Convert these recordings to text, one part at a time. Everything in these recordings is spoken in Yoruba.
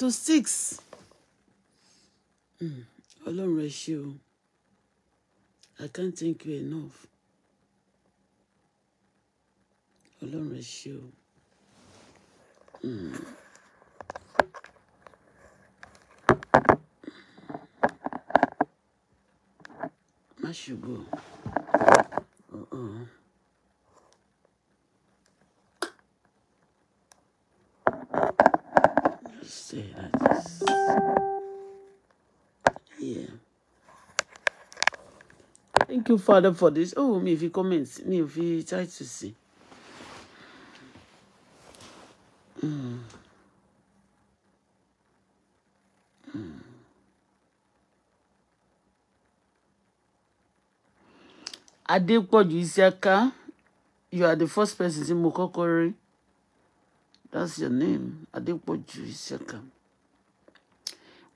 to six hmm, ọlọ́run ẹ ṣé o i can't thank you enough ọlọ́run ẹ ṣé o. Mm. Uh-uh. say that. Yeah. Thank you, Father, for this. Oh, me if you comment, me if you try to see. Mm. Mm. Adepoju Isiaka, you are the first person tí mo kọ́kọ́ That's your name. Adepoju Iseka.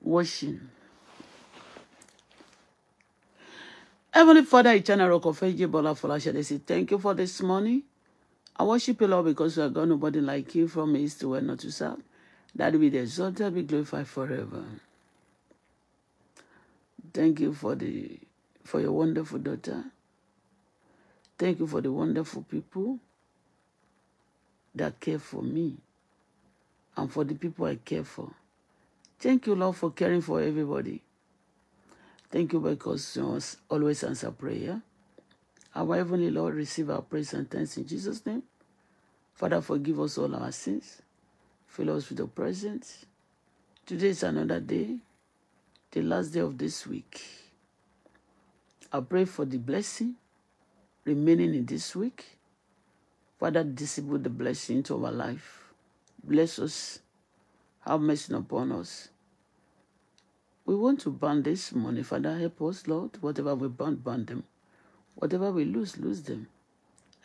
Washing. Heavenly Father, eternal rock of ages, Bola Folashade, say thank you for this morning. I worship you, Lord, because you are God, nobody like you from east to west, not to south. That will be exalted, be glorified forever. Thank you for the for your wonderful daughter. Thank you for the wonderful people. that care for me and for the people I care for. Thank you, Lord, for caring for everybody. Thank you because you always answer prayer. Our Heavenly Lord, receive our praise and thanks in Jesus' name. Father, forgive us all our sins. Fill us with your presence. Today is another day, the last day of this week. I pray for the blessing remaining in this week Father, disable the blessing to our life. Bless us. Have mercy upon us. We want to burn this money. Father, help us, Lord. Whatever we burn, burn them. Whatever we lose, lose them.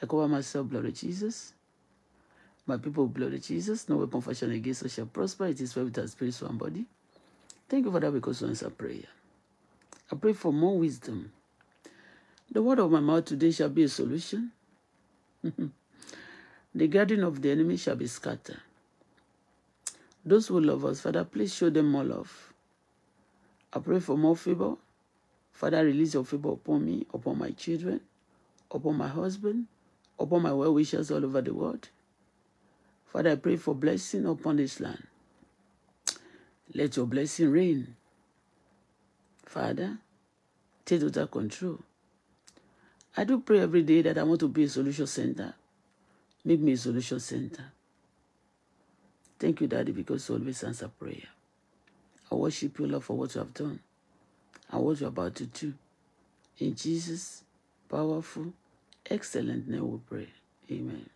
I cover myself, glory Jesus. My people, glory Jesus. No way, confession against us shall prosper. It is well with our spirit, soul, and body. Thank you, Father, because you answer prayer. I pray for more wisdom. The word of my mouth today shall be a solution. The garden of the enemy shall be scattered. Those who love us, Father, please show them more love. I pray for more favor. Father, release your favor upon me, upon my children, upon my husband, upon my well wishers all over the world. Father, I pray for blessing upon this land. Let your blessing reign. Father, take total control. I do pray every day that I want to be a solution center Make me a solution center. Thank you, Daddy, because you always answer prayer. I worship you, Lord, for what you have done and what you're about to do. In Jesus' powerful, excellent name we pray. Amen.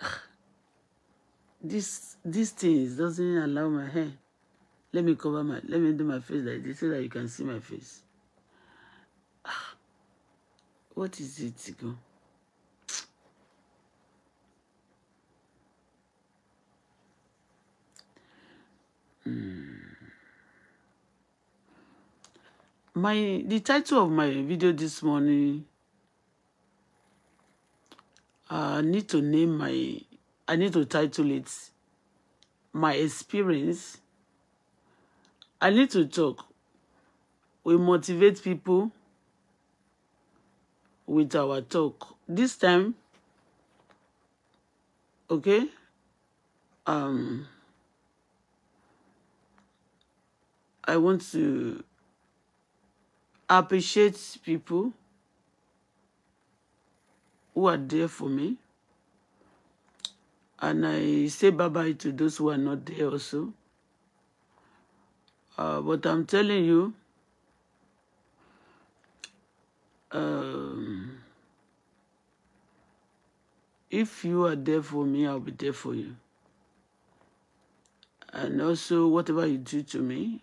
This these things doesn't allow my hair Let me cover my, let me do my face like this so that you can see my face. Ah, what is it, go? Hmm. My the title of my video this morning. I need to name my. I need to title it. My experience I need to talk. We motivate people with our talk. This time, okay? Um, I want to appreciate people who are there for me. And I say bye-bye to those who are not there also. Uh, but I'm telling you, um, if you are there for me, I'll be there for you. And also, whatever you do to me,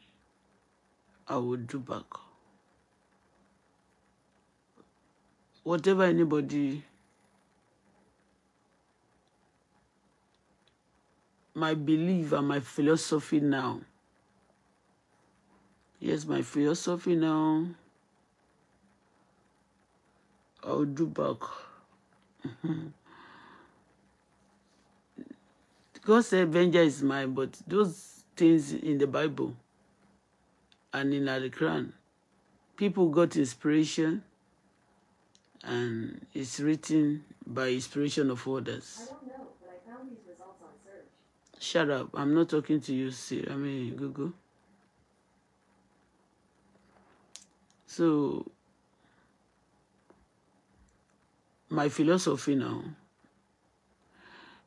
I will do back. Whatever anybody, my belief and my philosophy now. Here's my philosophy now. I'll do back. God said vengeance is mine, but those things in the Bible and in the Quran, people got inspiration and it's written by inspiration of others. Know, Shut up. I'm not talking to you, sir. I mean, Google. So, my philosophy now.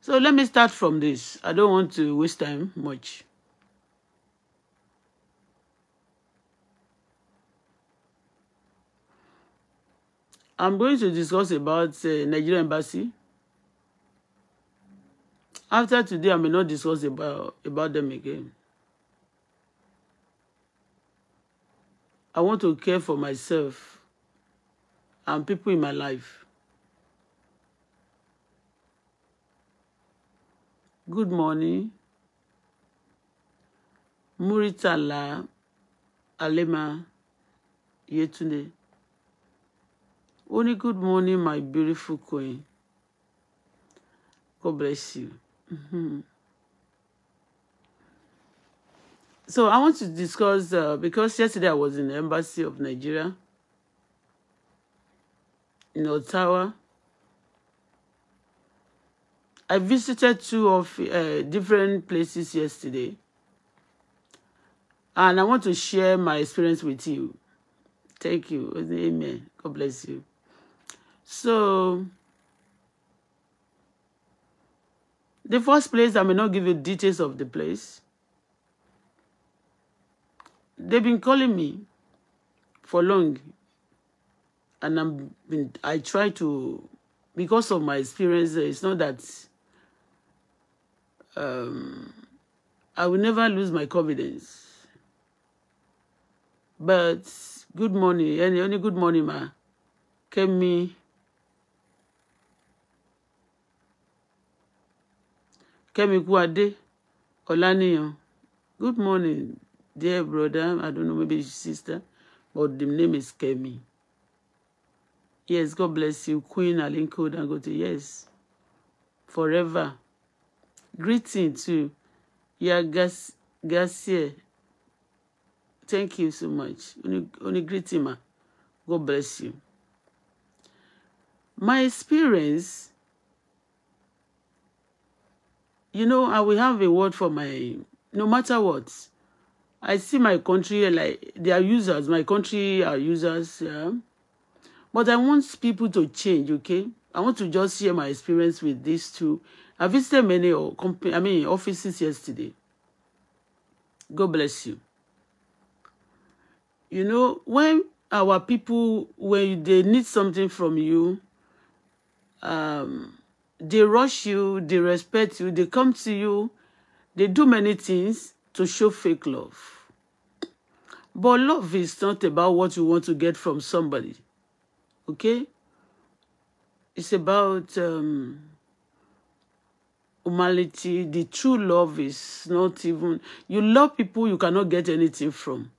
So let me start from this. I don't want to waste time much. I'm going to discuss about uh, Nigeria embassy. After today, I may not discuss about, about them again. I want to care for myself and people in my life. Good morning. Muritala Alema Yetunde. Only good morning, my beautiful queen. God bless you. Mm-hmm. So I want to discuss uh, because yesterday I was in the embassy of Nigeria in Ottawa. I visited two of uh, different places yesterday, and I want to share my experience with you. Thank you. Amen. God bless you. So, the first place, I may not give you details of the place. They've been calling me for long. And I'm been, I try to, because of my experience, it's not that um, I will never lose my confidence. But good morning, any, any good morning, ma. me, Kemi Kuade. Olaniyan. Good morning dear brother, I don't know, maybe sister, but the name is Kemi. Yes, God bless you, Queen Alinko Dangote. Yes, forever. Greeting to Yagas Garcia. Thank you so much. Only, only greeting, ma. God bless you. My experience, you know, I will have a word for my, no matter what I see my country like they are users. My country are users. Yeah. But I want people to change, okay? I want to just share my experience with these two. I visited many uh, or I mean offices yesterday. God bless you. You know, when our people when they need something from you, um, they rush you, they respect you, they come to you, they do many things to show fake love. But love is not about what you want to get from somebody. Okay? It's about um, humanity. The true love is not even... You love people you cannot get anything from.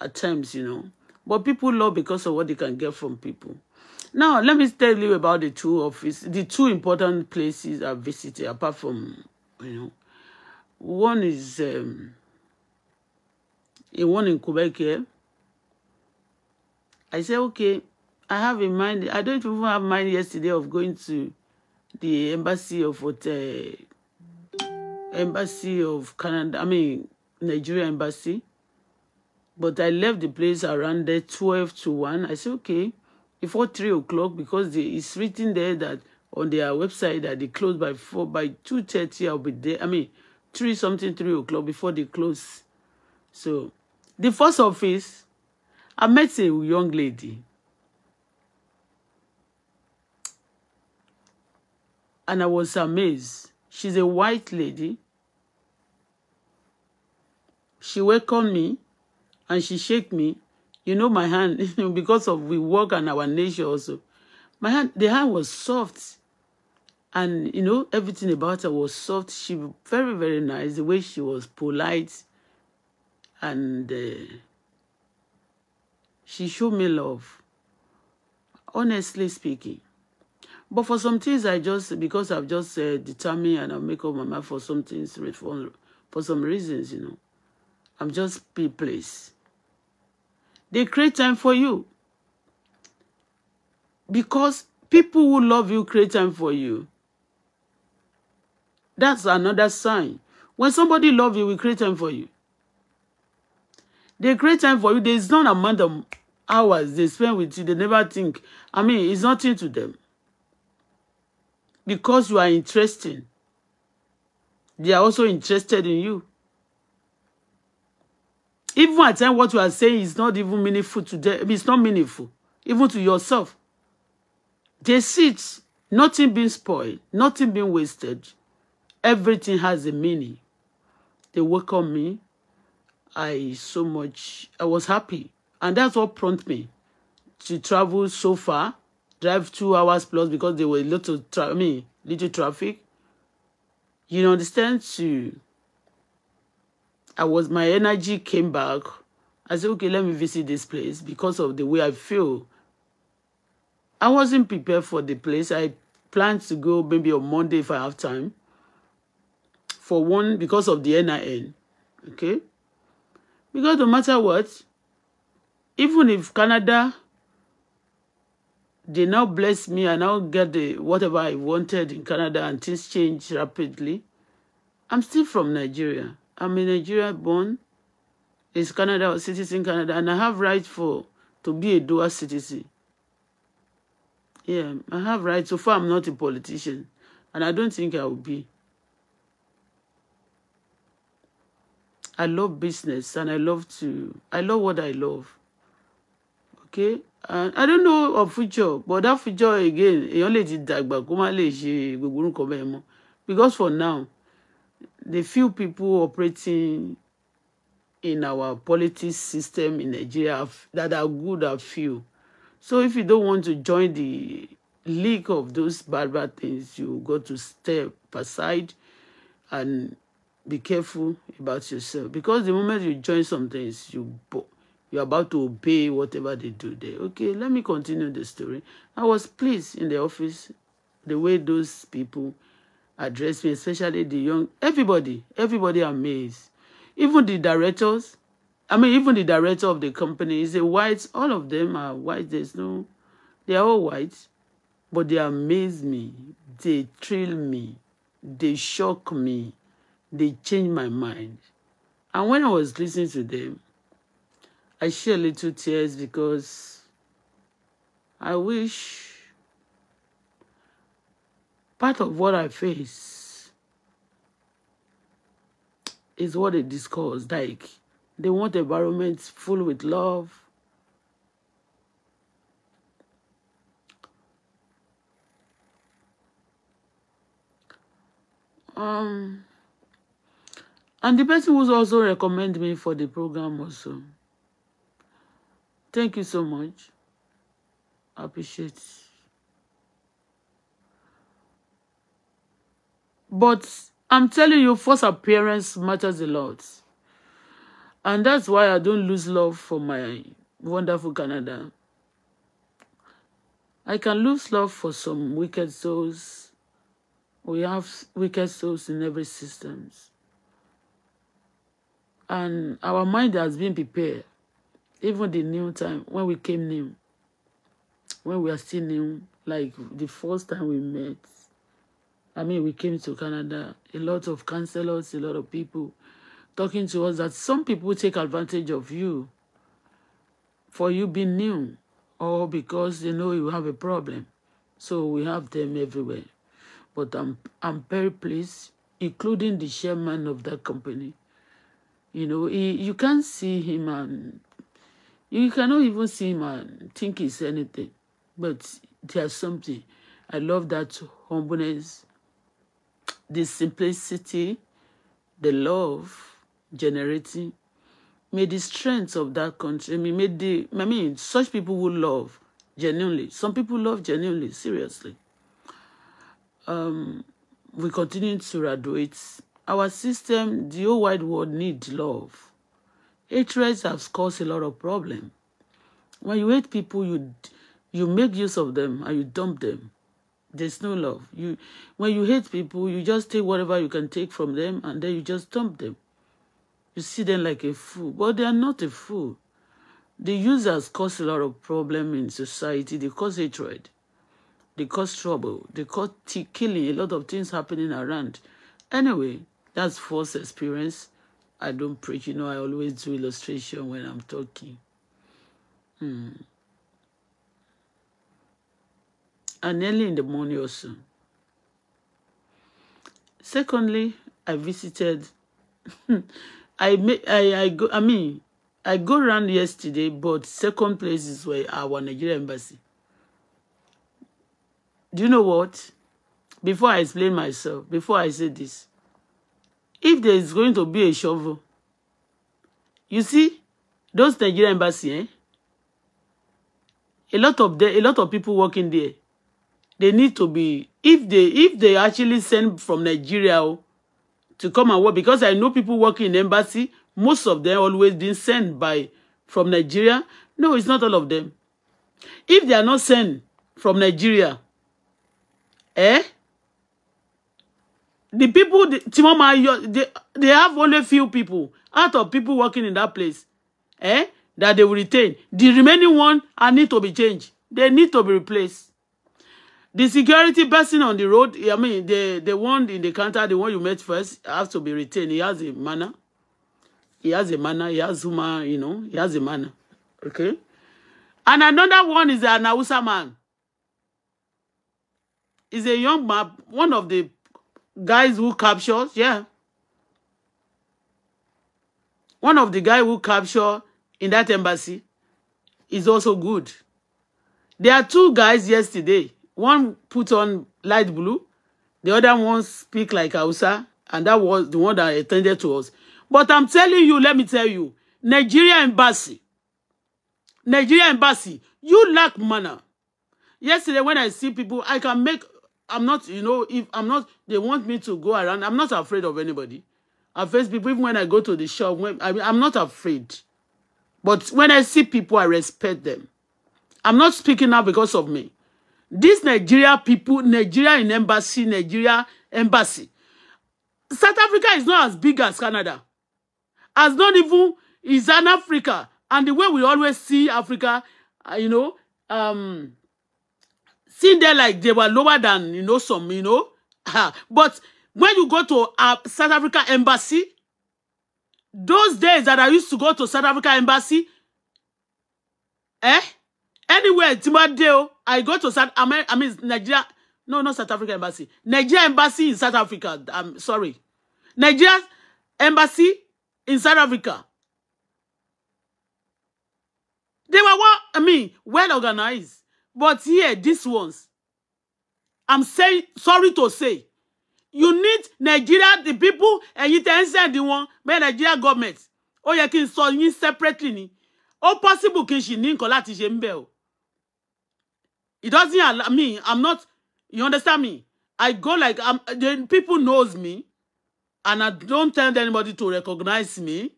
At times, you know. But people love because of what they can get from people. Now, let me tell you about the two office, the two important places I visited, apart from, you know, One is um, a one in Quebec here. I said, okay, I have a mind. I don't even have mind yesterday of going to the embassy of what, uh, embassy of Canada. I mean, Nigeria embassy. But I left the place around there 12 to 1. I said, okay, before 3 o'clock, because they, it's written there that on their website that they close by 4, by 2.30, I'll be there. I mean, three something three o'clock before they close. So the first office, I met a young lady. And I was amazed. She's a white lady. She welcomed me and she shake me. You know my hand, because of we work and our nature also. My hand, the hand was soft and you know everything about her was soft she very very nice the way she was polite and uh, she showed me love honestly speaking but for some things i just because i've just uh, determined and i'll make up my mind for some things for, for some reasons you know i'm just be placed they create time for you because people who love you create time for you That's another sign. When somebody loves you, we create time for you. They create time for you. There is not amount of hours they spend with you. They never think. I mean, it's nothing to them. Because you are interesting. They are also interested in you. Even at times, what you are saying is not even meaningful to them. It's not meaningful, even to yourself. They see it, nothing being spoiled, nothing being wasted everything has a meaning. They welcomed me. I so much, I was happy. And that's what prompted me to travel so far, drive two hours plus because there were little, tra- I mean, little traffic. You understand? To, I was, my energy came back. I said, okay, let me visit this place because of the way I feel. I wasn't prepared for the place. I planned to go maybe on Monday if I have time for one because of the NIN. Okay? Because no matter what, even if Canada, they now bless me and now get the whatever I wanted in Canada and things change rapidly, I'm still from Nigeria. I'm a Nigeria born, is Canada a citizen Canada, and I have right for to be a dual citizen. Yeah, I have right. So far, I'm not a politician, and I don't think I will be. I love business and I love to I love what I love. Okay? And I don't know of future, but that future again, èèyàn lè ti dàgbà kó Because for now, the few people operating in our politics system in Nigeria that are good are few. So if you don't want to join the leak of those bad bad things, you got to step aside and be careful about yourself because the moment you join something, you you're about to obey whatever they do there. Okay, let me continue the story. I was pleased in the office the way those people addressed me, especially the young everybody, everybody amazed. Even the directors, I mean, even the director of the company is a white. All of them are white. There's no, they are all white, but they amaze me. They thrill me. They shock me they changed my mind. And when I was listening to them, I shed little tears because I wish part of what I face is what they discuss. Like they want environments full with love. Um And the person who's also recommend me for the program also. Thank you so much. I appreciate But I'm telling you, first appearance matters a lot. And that's why I don't lose love for my wonderful Canada. I can lose love for some wicked souls. We have wicked souls in every systems and our mind has been prepared even the new time when we came new when we are still new like the first time we met i mean we came to canada a lot of counselors a lot of people talking to us that some people take advantage of you for you being new or because they know you have a problem so we have them everywhere but i'm i'm very pleased including the chairman of that company You know, he, you can't see him and you cannot even see him and think he's anything. But there's something. I love that humbleness, the simplicity, the love generating. May the strength of that country, I mean, may the, I mean, such people who love genuinely. Some people love genuinely, seriously. Um, we continue to graduate Our system, the whole wide world needs love. Hatreds have caused a lot of problem. When you hate people, you you make use of them and you dump them. There's no love. You when you hate people, you just take whatever you can take from them and then you just dump them. You see them like a fool, but they are not a fool. The users cause a lot of problem in society. They cause hatred. They cause trouble. They cause killing. A lot of things happening around. Anyway, That's false experience. I don't preach. You know, I always do illustration when I'm talking. Hmm. And early in the morning also. Secondly, I visited. I made. I I go. I mean, I go around yesterday, but second place is where our Nigeria embassy. Do you know what? Before I explain myself, before I say this, if there is going to be a shovel you see those Nigerian embassy eh a lot of the, a lot of people working there they need to be if they if they actually send from Nigeria oh, to come and work because I know people working in embassy most of them always been sent by from Nigeria no it's not all of them if they are not sent from Nigeria eh the people tí they, they have only few people out of people working in that place eh, that they will retain the remaining one I need to be changed they need to be replaced the security person on the road i mean the the one in the counter the one you met first has to be retained he has a manner he has a manner he has human you know he has a manner okay and another one is an Hausa man is a young man one of the guys who captured, yeah. One of the guy who captured in that embassy is also good. There are two guys yesterday. One put on light blue. The other one speak like Hausa. And that was the one that attended to us. But I'm telling you, let me tell you, Nigeria embassy, Nigeria embassy, you lack manner. Yesterday, when I see people, I can make I'm not, you know, if I'm not, they want me to go around. I'm not afraid of anybody. I face people even when I go to the shop. When, I mean, I'm not afraid. But when I see people, I respect them. I'm not speaking now because of me. These Nigeria people, Nigeria in embassy, Nigeria embassy. South Africa is not as big as Canada. As not even is an Africa. And the way we always see Africa, uh, you know, um, sitting there like they were lower than you know some you know ah, but when you go to uh, South Africa embassy those days that I used to go to South Africa embassy eh anywhere Timadeo I go to South Amer, I mean Nigeria no not South Africa embassy Nigeria embassy in South Africa I'm sorry Nigeria embassy in South Africa they were what I mean well organized But here, these ones, I'm saying, sorry to say, you need Nigeria, the people, and you can send the one, but Nigeria government. Ó you can n sọ separately ni. Ó possible can n sì ní nǹkan láti It doesn't allow me. I'm not, you understand me? I go like, I'm, the people knows me, and I don't tell anybody to recognize me.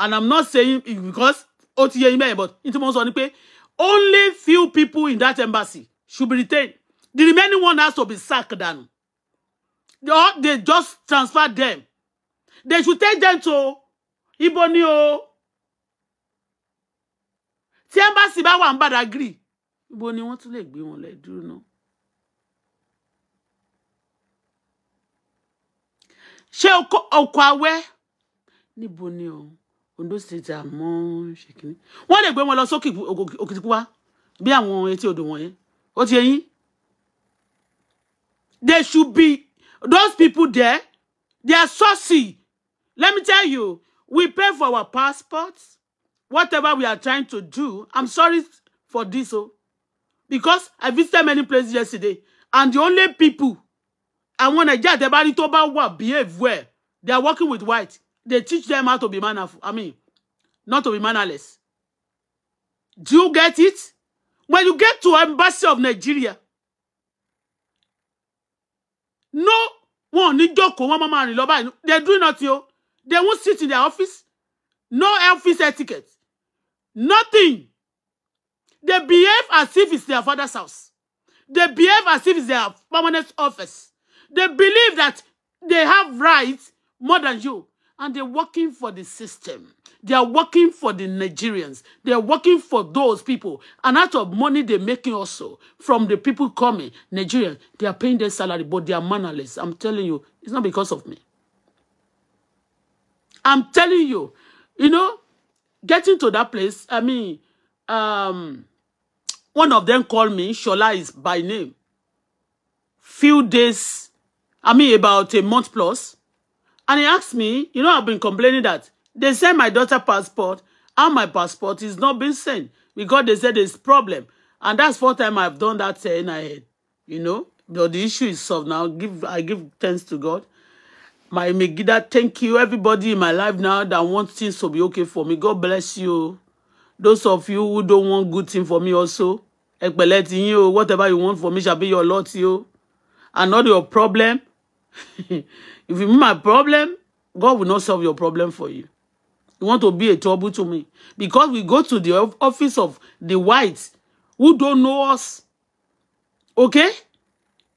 And I'm not saying because ó ti yé but n tí mo sọ Only few people in that embassy should be retained. The remaining one has to be sacked down. Or they just transfer them. They should take them to Iboni o. embassy bá one bad. Agree. ibo ni to tún lè gbé wọn lẹ̀ dúró náà. Ṣé ọkọ̀ àwẹ́ Ondo state àmọ́ ṣèkínní wọ́n lè gbé wọn lọ sókè Òkìtìpupa bí àwọn etí odò wọ̀nyẹn ó ti yẹyìn they should be those people there they are saucy let me tell you we pay for our passports whatever we are trying to do i'm sorry for this o oh, because i visited many places yesterday and the only people àwọn Nàìjíríà tẹ bá rí tó bá wà behave well they are working with white they teach them how to be mannerful. I mean, not to be mannerless. Do you get it? When you get to embassy of Nigeria, no one ní Joko, one mama rìn lọ báyìí. They do nothing o. They won't sit in their office. No office etiquette. Nothing. They behave as if it's their father's house. They behave as if it's their permanent office. They believe that they have rights more than you and they're working for the system. They are working for the Nigerians. They are working for those people. And out of money they're making also from the people coming, Nigerians, they are paying their salary, but they are mannerless. I'm telling you, it's not because of me. I'm telling you, you know, getting to that place, I mean, um, one of them called me, Shola is by name. Few days, I mean, about a month plus, And he asked me, you know, I've been complaining that they sent my daughter passport and my passport is not being sent because they said there's problem. And that's four time I've done that saying ahead, you know. But the issue is solved now. Give I give thanks to God. My Megida, thank you. Everybody in my life now that wants things to be okay for me. God bless you. Those of you who don't want good thing for me also, ẹ pẹ̀lẹ́ ti whatever you want for me shall be your lot, you, And not your problem. If you mean my problem, God will not solve your problem for you. You want to be a trouble to me. Because we go to the office of the whites who don't know us. Okay?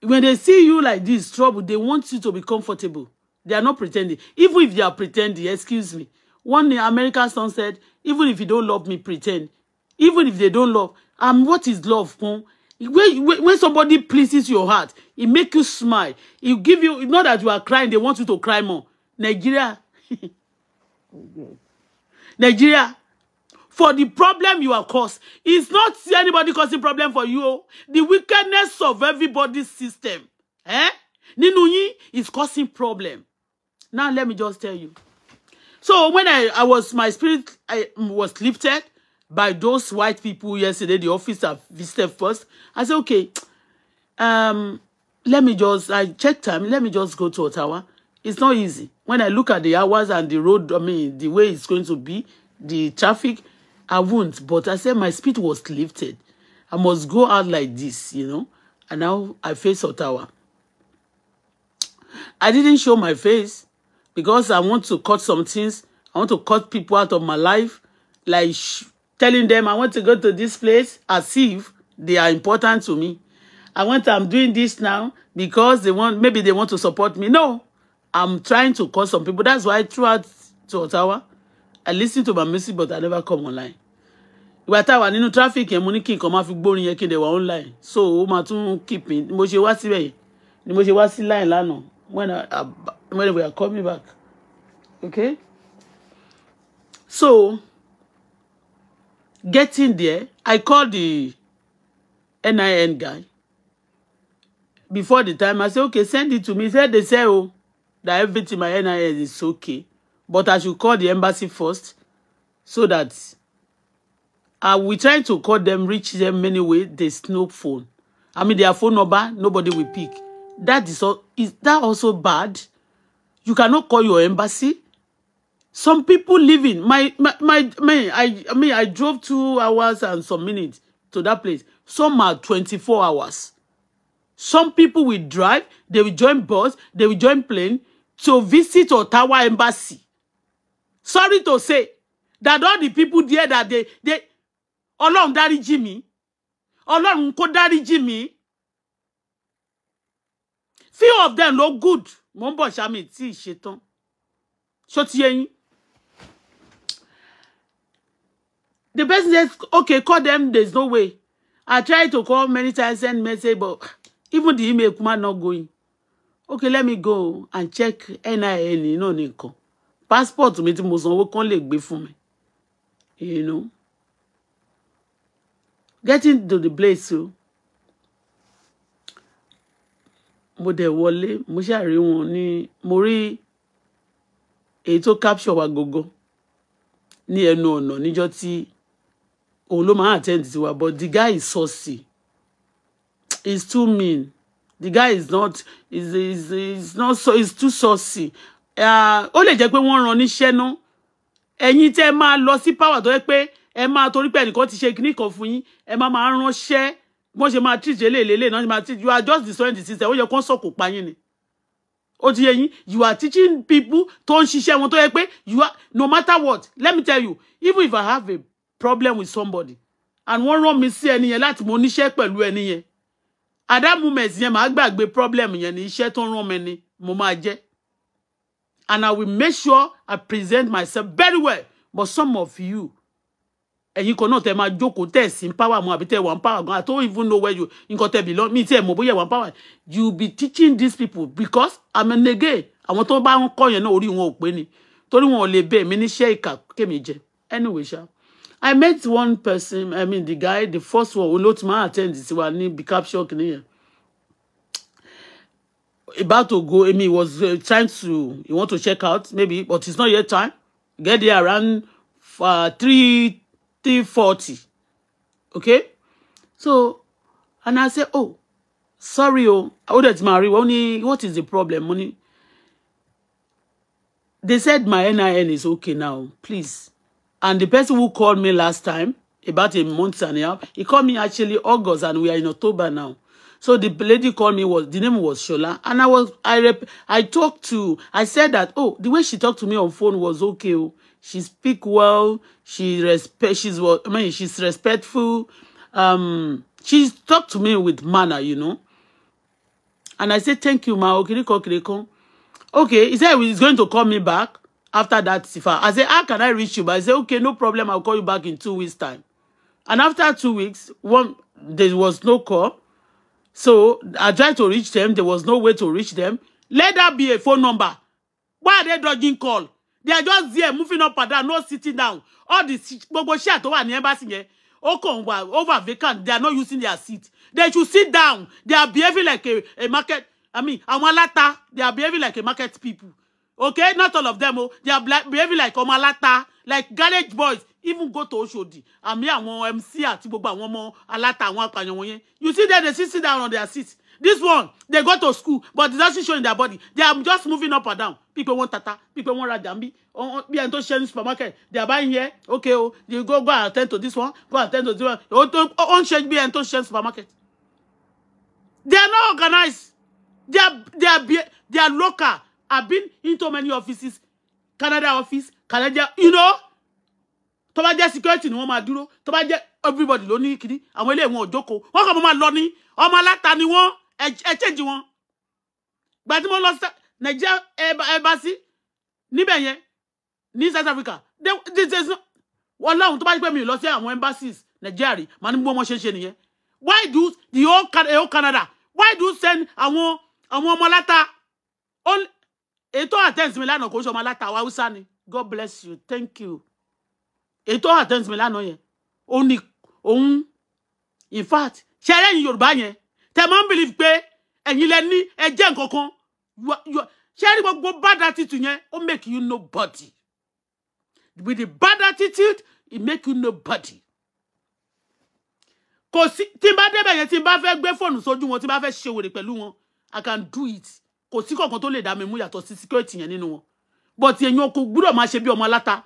When they see you like this, trouble, they want you to be comfortable. They are not pretending. Even if they are pretending, excuse me. One American son said, even if you don't love me, pretend. Even if they don't love. And um, what is love? Hmm? when, when somebody pleases your heart, it make you smile. It give you, not that you are crying, they want you to cry more. Nigeria. Nigeria. For the problem you are caused. It's not anybody causing problem for you. Oh. The wickedness of everybody's system. Eh? Nínú yín is causing problem. Now let me just tell you. So when I, I was, my spirit I mm, was lifted, by those white people yesterday. The officer visited first. I said, okay, um, let me just, I checked time. Let me just go to Ottawa. It's not easy. When I look at the hours and the road, I mean, the way it's going to be, the traffic, I won't. But I said my speed was lifted. I must go out like this, you know. And now I face Ottawa. I didn't show my face because I want to cut some things. I want to cut people out of my life. Like, telling them I want to go to this place as if they are important to me. I want, I'm doing this now because they want, maybe they want to support me. No, I'm trying to call some people. That's why throughout to Ottawa, I listen to my music, but I never come online. Ìgbà tá a nínú traffic yẹn mo ní kí nǹkan máa fi gbórin yẹn kí n dẹ̀ wá online. So ó máa tún keep me. Mo ṣe wá síbẹ̀ yẹn. Ni mo ṣe wá sí line lánàá. When, I, when we are coming back. Okay? So. Getting there, I called the NIN guy. Before the time, I said, okay, send it to me. He said, they say, oh, that everything my NIN is okay. But I should call the embassy first so that uh, we try to call them, reach them anyway. There's no phone. I mean, their phone number, nobody will pick. That is, all, is that also bad? You cannot call your embassy Some people living, my, my, my, my, I, mean, I drove two hours and some minutes to that place. Some are 24 hours. Some people will drive, they will join bus, they will join plane to visit Ottawa embassy. Sorry to say that all the people there that they, they, Ọlọ́run dáríjì mi. Ọlọ́run Uncle Daddy Jimmy. Few of them look good. Mo ń bọ̀ shetan, mi tí ti yé The person says, okay, call them. There's no way. I tried to call many times, send message, but even the email kuma not going. Okay, let me go and check NIN, you know, nìkan. Passport mi tí mo sanwó kan lè gbé fún mi. You know. Getting to the place, so. but they wọlé, mo ṣàrí wọn ní, mo rí èyí tó capture wa gógó ní ẹnu ọ̀nà níjọ́ tí òun ló máa attend tiwa but the guy is saucy he's too mean the guy is not is is is not so is too saucy ah, ó lè jẹ́ pé wọ́n rán níṣẹ́ náà ẹ̀yin tẹ́ máa lọ sí power tó yẹ pé ẹ máa torí pé ẹnìkan ti ṣe kíní kan fún yín ẹ máa máa ránṣẹ́ bọ́n ṣe máa tíjẹ léèlélé náà ṣe máa tíjẹ you are just destroying the system ó yẹ kó sọ̀kò pa yín ni ó ti yẹ yín you are teaching people tó ń ṣiṣẹ́ wọn tó yẹ pé you are no matter what let me tell you even if I have a problem with somebody and wọ́n rán mi sí ẹni yẹn láti mo níṣẹ́ pẹ̀lú ẹni at that moment yẹn màá gbàgbé problem yẹn ní iṣẹ́ tó rán mi ni mo máa jẹ́ and I will make sure I present myself very well but some of you ẹ̀yin kan náà tẹ máa jókòó tẹ̀ sí power mu àbí tẹ̀ wà power gan I don't even know where you nǹkan tẹ̀ bí mi tẹ̀ mọ̀ bóyá wà power you be teaching these people because I'm a negay àwọn tó bá ń kọ́ yẹn náà orí wọn ò pé ni torí wọn ò lè bẹ́ẹ̀ mi níṣẹ́ ìkà kémi jẹ anyway ṣáà. I met one person, I mean the guy, the first one, Olotma attend this one, be captured here. About to go, I mean, he was uh, trying to, he want to check out, maybe, but it's not yet time. Get there around uh, 3, 3.40. Okay? So, and I said, oh, sorry, oh, oh, that's Mary, only, what is the problem, money? They said my NIN is okay now, please. And the person who called me last time, about a month and a half, he called me actually August and we are in October now. So the lady called me was the name was Shola, and I was I rep, I talked to I said that oh the way she talked to me on phone was okay. Oh. She speak well. She respect. She's well. I mean she's respectful. Um, she talked to me with manner, you know. And I said thank you, ma okiriko kiriko. Okay, he said he's going to call me back after that sifa i say how can i reach you but i say okay no problem i'll call you back in two weeks time and after two weeks one there was no call so i tried to reach them there was no way to reach them let that be a phone number why are they dodging call they are just there moving up and down no sitting down all the gbogbo share tó wà ní embassy over vacant they are not using their seat they should sit down they are behaving like a, a market i mean àwọn they are behaving like a market people Okay, not all of them. Oh, they are behaving like Omalata, like garage boys. Even go to Oshodi. Àmì àwọn MC àti gbogbo àwọn ọmọ aláta àwọn apàyàn wọ̀nyẹn. You see them, they sit, sit down on their seats. This one, they go to school, but it's actually showing their body. They are just moving up and down. People want tata, people want rajambi. Be ẹni tó ṣe ní supermarket, they are buying here. Okay, oh, you go go and attend to this one, go attend to this one. Ó ń ṣe bí ẹni tó ṣe ní supermarket. They are not organized. They are, they are, they are local. I've been into many offices Canada office Canada you know to bá jẹ́ security ni wọ́n máa dúró tó bá jẹ́ everybody ló ní kiri àwọn ilé ìwọ̀n òjókòó wọ́n kàn mọ́ máa lọ ní ọmọ aláta ni wọ́n ẹ change wọn gbà tí mo lọ Nigeria embassy níbẹ̀ yẹn ní South Africa ọlọ́run tó bá jẹ́ pé mi ò lọ sí àwọn embassies Nigeria rí màá ní bí wọ́n ṣe ń why do the whole Canada why do send àwọn àwọn ọmọ aláta Eto àtẹ̀ǹtì mi lánàá kò ń ṣe ọmọ wa haúsá ni god bless you thank you Eto àtẹ̀ǹtì mi lánàá yẹn òun ni in fact ṣe ẹlẹ́yin yorùbá yẹn tẹ máa believe pé ẹ̀yin lẹ ni e nǹkan kan ṣe ẹni gbogbo bad attitude yẹn ó make you nobody with the bad attitude it make you nobody kò sí tí ba bá débẹ̀ yẹn tí n bá fẹ́ gbé fóònù sójú wọn tí n bá fẹ́ ṣe wèrè i can do it kò sí kankan tó lè dá mi mú yàtọ̀ sí security yẹn nínú wọn but èèyàn kò gbúdọ̀ máa ṣe bí ọmọ aláta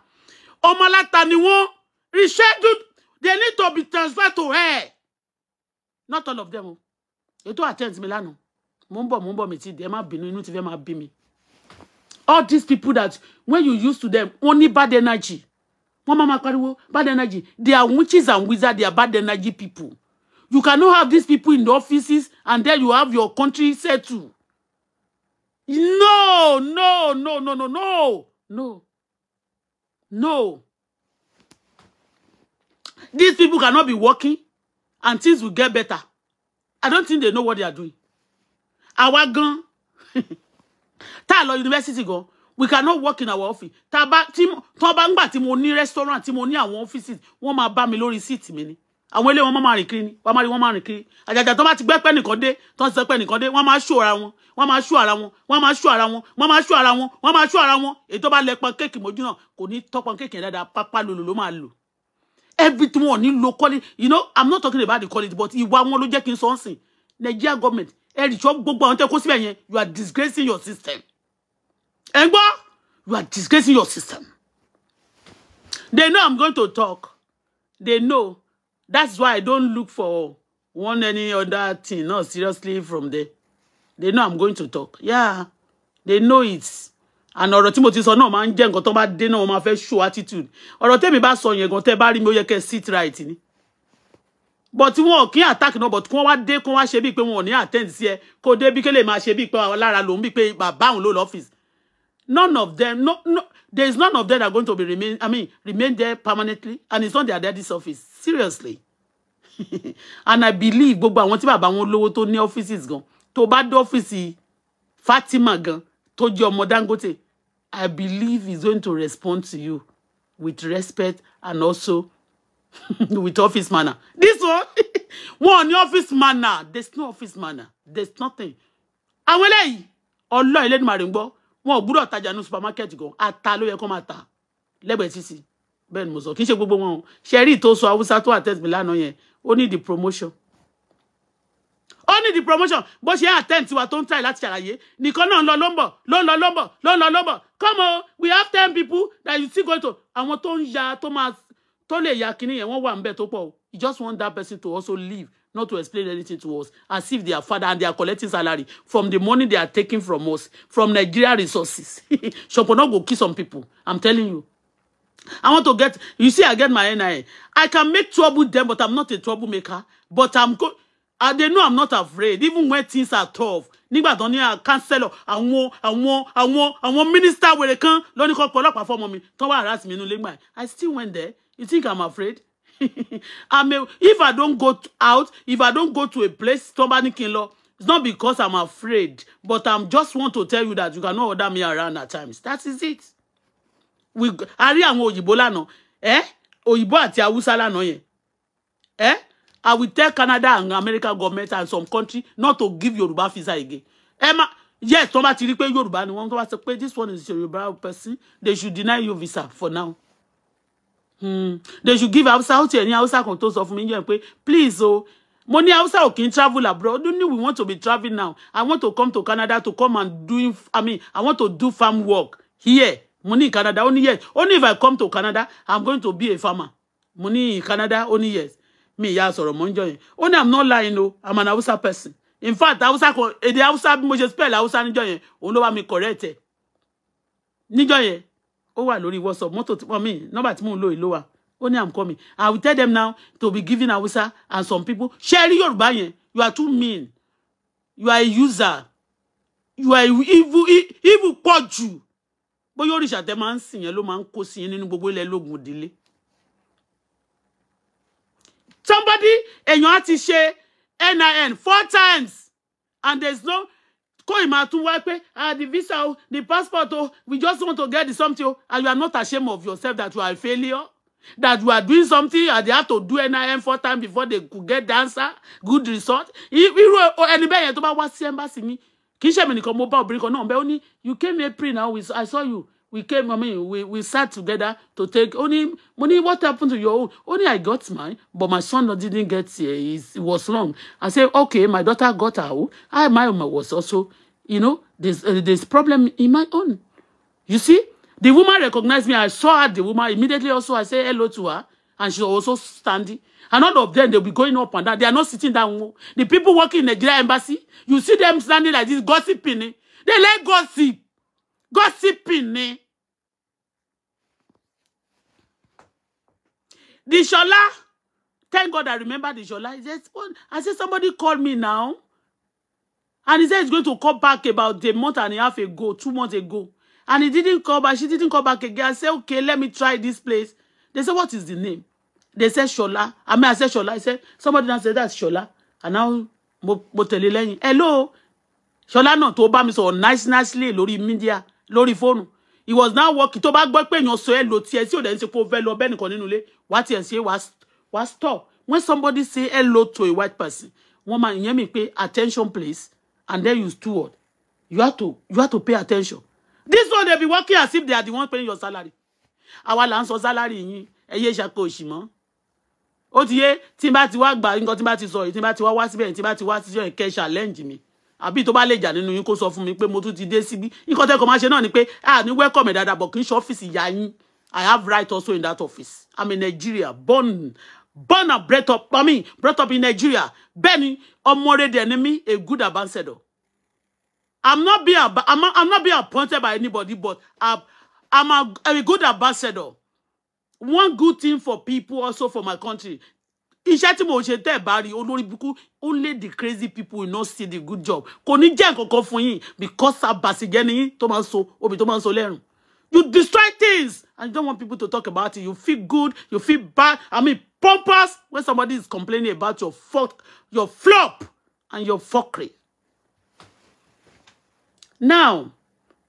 ọmọ aláta ni wọ́n rescheduled they need to be transferred to her not all of them o ètò attend mi lánàá mo ń bọ̀ mo ń bọ̀ mi ti ẹ má bínú inú ti fẹ́ máa bí mi all these people that when you use to them wọ́n ní bad energy wọ́n máa máa pariwo bad energy they are witches and wizards they bad energy people you cannot have these people in the offices and then you have your country settled. No, no, no, no, no, no, no, no. These people cannot be working and things will get better. I don't think they know what they are doing. Our gun, Tá lọ university gan. We cannot work in our office. Tá bá tí tó bá ńgbà restaurant tí mo ní àwọn offices, one. máa bá mi lórí seat mi àwọn ilé wọn máa rìn kiri ni wọn máa rí wọn máa rìn kiri àjàjà tó bá ti gbẹ́pẹ́ nìkan dé tó ń sẹpẹ́ nìkan dé wọ́n máa ṣó ara wọn wọ́n máa ṣó ara wọn wọ́n máa ṣó ara wọn wọ́n máa ṣó ara wọn wọ́n máa ṣó ara wọn èyí tó bá lẹ pọn kéèkì mójú náà kò ní tọpọn kéèkì yẹn dáadáa pápá lòlò ló máa lò everything wọn ní lo kọ́lé you know i'm not talking about the college but ìwà wọn ló jẹ́ kí n sọ ń sìn nigeria government ẹ rìṣọ́ gbogbo àwọn tẹ́ kó síbẹ̀ yẹn you are disgracing your system ẹ gbọ́ you are disgracing your system they know i'm going to talk they know that's why i don't look for one any other thing no seriously from there they know i'm going to talk yeah they know it and ọ̀rọ̀ tí mo ti sọ náà go ń jẹ́ nǹkan man, bá dé show attitude ọ̀rọ̀ tẹ́mi bá sọ yẹn gan tẹ́ bá rí mi ó sit right in. but you kì í attack no? but kwa wọ́n wá dé kí wọ́n wá ṣe bíi pé wọn ò ní attend sí ẹ kó dé bí kélé máa ṣe bíi pé lára lòun bíi pé bàbá òun none of them no no there is none of them that are going to be remain i mean remain there permanently and it's not their daddy's office seriously and i believe gbogbo àwọn tí bàbá wọn lówó tó ní offices gan To bá dé ọ́fíìsì fatima gan tó jẹ́ ọmọ dangote i believe he's going to respond to you with respect and also with office manner this one one ní office manner there's no office manner there's nothing àwọn eléyìí ọlọ́ọ̀ ẹlẹ́dùnmarè ń gbọ́ wọn ò gbúdọ̀ tajà ní supermarket gan ata ló yẹ kó máa ta lẹ́gbẹ̀ẹ́ títì bẹ́ẹ̀ ni mo sọ kì í ṣe gbogbo wọn o ṣe rí ìtòsọ haúsá tó attend mi lánàá yẹn ó ní the promotion ó ní the promotion bó ṣe attend tiwa tó ń try láti ṣàlàyé nìkan náà ń lọ ló ń bọ̀ ló ń lọ ló ń bọ̀ ló ń lọ ló ń bọ̀ come on we have ten people that you see going to àwọn tó ń ya tó máa tó lè ya kinní yẹn wọ́n wà níbẹ̀ tó pọ̀ o you just want that person to also leave not to explain anything to us as if they are father and they are collecting salary from the money they are taking from us from Nigeria resources Ṣọ̀pọ̀nná go kill some people I'm telling you I want to get, you see, I get my NIA. I can make trouble them, but I'm not a troublemaker. But I'm good. Uh, they know I'm not afraid, even when things are tough. Nígbà tó ní àkánsẹ́lọ̀ ah, àwọn àwọn àwọn àwọn mínísítà wèrè kan lónìí kan pọ̀lọ́pàá fọ́mọ me. tó wà harass me no ilé gbà. I still went there. You think I'm afraid? I mean, if I don't go out, if I don't go to a place, tó bá ní it's not because I'm afraid, but I'm just want to tell you that you cannot order me around at times. That is it we a rí àwọn òyìnbó lánàá ẹ òyìnbó àti haúsá lánàá yẹn ẹ i will tell canada and american government and some country not to give yorùbá visa again ẹ má yes tó bá ti rí pé yorùbá ni wọn tó bá sọ pé this one is yorùbá person they should deny you visa for now hmm. they should give hausa ó tiẹ̀ ní hausa kan tó sọ fún mi yẹn pé please o. Oh, mo ní hausa ò kí n travel abroad only we want to be traveling now i want to come to canada to come and do. i mean i want to do farm work here mo in Canada only yes Only if I come to Canada I'm going to be a farmer mo in Canada only yes Me ìyá sọ̀rọ̀ mọ́ ń jọ I'm not lying o I'm an Hausa person in fact Hausa kan èdè Hausa bí mo spell Hausa níjọ yẹn òun ló mi correct ẹ̀ níjọ yẹn ó wà lórí WhatsApp mọ́tò tí wọ́n mi nọ́mbà tí mò ń I'm coming I will tell them now to be giving Hausa and some people ṣé rí buying. you are too mean you are a user you are evil evil pọ̀ jù bóyá òrìṣà tẹ máa ń sìn yẹn ló máa ń kó sí yín gbogbo ilẹ̀ lógun ìdílé somebody èèyàn á ti NIN four times and there's no kóyìn máa tún wá pé ah the visa o the passport o we just want to get the something o and you are not ashamed of yourself that you are a failure that you are doing something and they have to do NIN four times before they could get the answer good result irú ẹni bẹ́ẹ̀ yẹn tó bá wá embassy yín kì í ṣèmi nìkan mo bá obìnrin kan náà bẹ́ẹ̀ ó ní you came here pray now we, I saw you we came I mean we, we sat together to take ó ní mo ní what happened to your own ó ní I got mine but my son didn't get here It was long I say okay my daughter got her own I my own was also you know there's uh, there's problem in my own you see the woman recognized me I saw her the woman immediately also I say hello to her and she was also standing And all of them, they'll be going up and down. They are not sitting down. The people working in the Nigeria embassy, you see them standing like this, gossiping. Eh? They like gossip. Gossiping. Eh? The Shola, thank God I remember the Shola. I said, somebody called me now. And he said he's going to call back about a month and a half ago, two months ago. And he didn't call back. She didn't call back again. I said, okay, let me try this place. They said, what is the name? they said Shola. I mean, I said Shola. I said, somebody now said that's Shola. And now, mo tẹ̀lé lẹ́yìn. Hello. Shola No, tó bá mi nice nicely Lori media, Lori phone. He was now working. Tó bá gbọ́ pé èèyàn sọ hello tiẹ̀ sí òde ń ṣe kó fẹ́ lọ bẹ́ẹ̀ nìkan nínú ilé. Wá tiẹ̀ ṣe When somebody say hello to a white person, woman, máa me pay attention please and then you steward. You have to you have to pay attention. This one they be working as if they are the one paying your salary. Our land's salary yín. Ẹ yé ṣàkóso òṣì ó ti yé tí n bá ti wá gbà nǹkan tí n bá ti sọ yìí tí n bá ti wá wá síbẹ̀ tí n bá ti wá síjọ́ ìkẹ́ challenge mi àbí tó bá lè jà nínú yín kó sọ fún mi pé mo tún ti dé síbí nǹkan tẹ́kọ̀ máa ṣe náà ni pé a ní welcome dáadáa bọ̀ kì í ṣe ọ́fíìsì ìyá yín I have right also in that office I'm in Nigeria born born and bred up I mean bred up in Nigeria bẹ́ẹ̀ ni ọmọ rẹ̀ dẹ̀ ni mí a good ambassador I'm not being I'm, not being appointed by anybody but I'm, I'm a, a good ambassador one good thing for people also for my country iṣẹ́ tí mo ṣe tẹ́ bá rí olórí burúkú only the crazy people will not see the good job kò ní jẹ́ nǹkankan fún yín because àbàṣìjẹ́ ni yín tó máa ń so obì tó máa ń so lẹ́rùn you destroy things and you don't want people to talk about it you feel good you feel bad i mean pompous when somebody is complaining about your fuck your flop and your fuckery now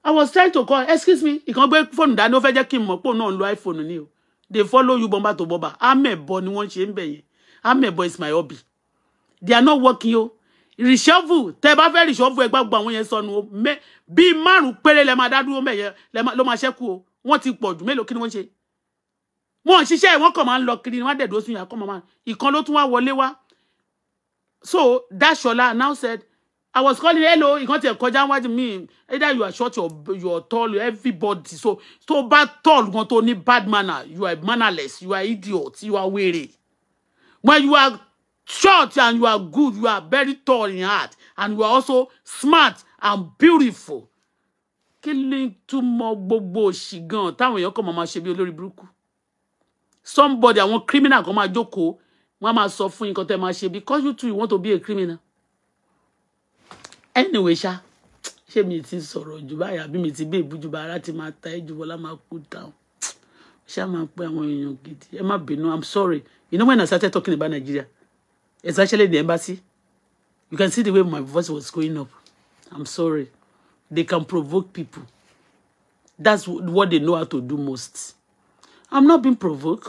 i was trying to call excuse me ìkànnì gbé fóònù dání ó fẹ́ jẹ́ kí n mọ̀ pé òun náà ń lo iphone ni o they follow you bomba to bomba amẹ̀bọ ni wọ́n ṣe ń I'm a boy. It's my hobby they are not working you. o reshovel tẹ́ bá fẹ́ reshovel ẹ gbàgbọ́ àwọn yẹn sọnù o bíi márùn péré lẹ máa dá dúró mẹyẹ ló máa ṣẹ́kù o wọ́n ti pọ̀ jù mélòó kí ni wọ́n ṣe wọn ṣiṣẹ́ wọn kàn máa ń lọ kiri wọn dẹ̀dọ̀ sún yà kọ́ máa ìkan ló tún wá wọlé wá so Dashola now said I was calling hello You can't tell tiẹ̀ what you mean. either you are short or you are tall everybody so so bad tall you tó need bad manner you are mannerless you are idiot you are weary. when you are short and you are good you are very tall in heart and you are also smart and beautiful kí ni túmọ̀ gbogbo òṣì gan táwọn èèyàn kan máa ṣe bí olórí burúkú somebody criminal kan máa jókòó wọn á máa sọ fún yín kan because you too you want to be a criminal anyway sha, ṣé mi ti sọ̀rọ̀ ju báyìí àbí mi ti bí ìbújú bá ara ti máa ta ẹ́ jù wọlá máa kú down ṣá máa pé àwọn èèyàn gidi ẹ má bínú i'm sorry you know when i started talking about Nigeria especially the embassy you can see the way my voice was going up i'm sorry they can provoke people that's what they know how to do most i'm not being provoked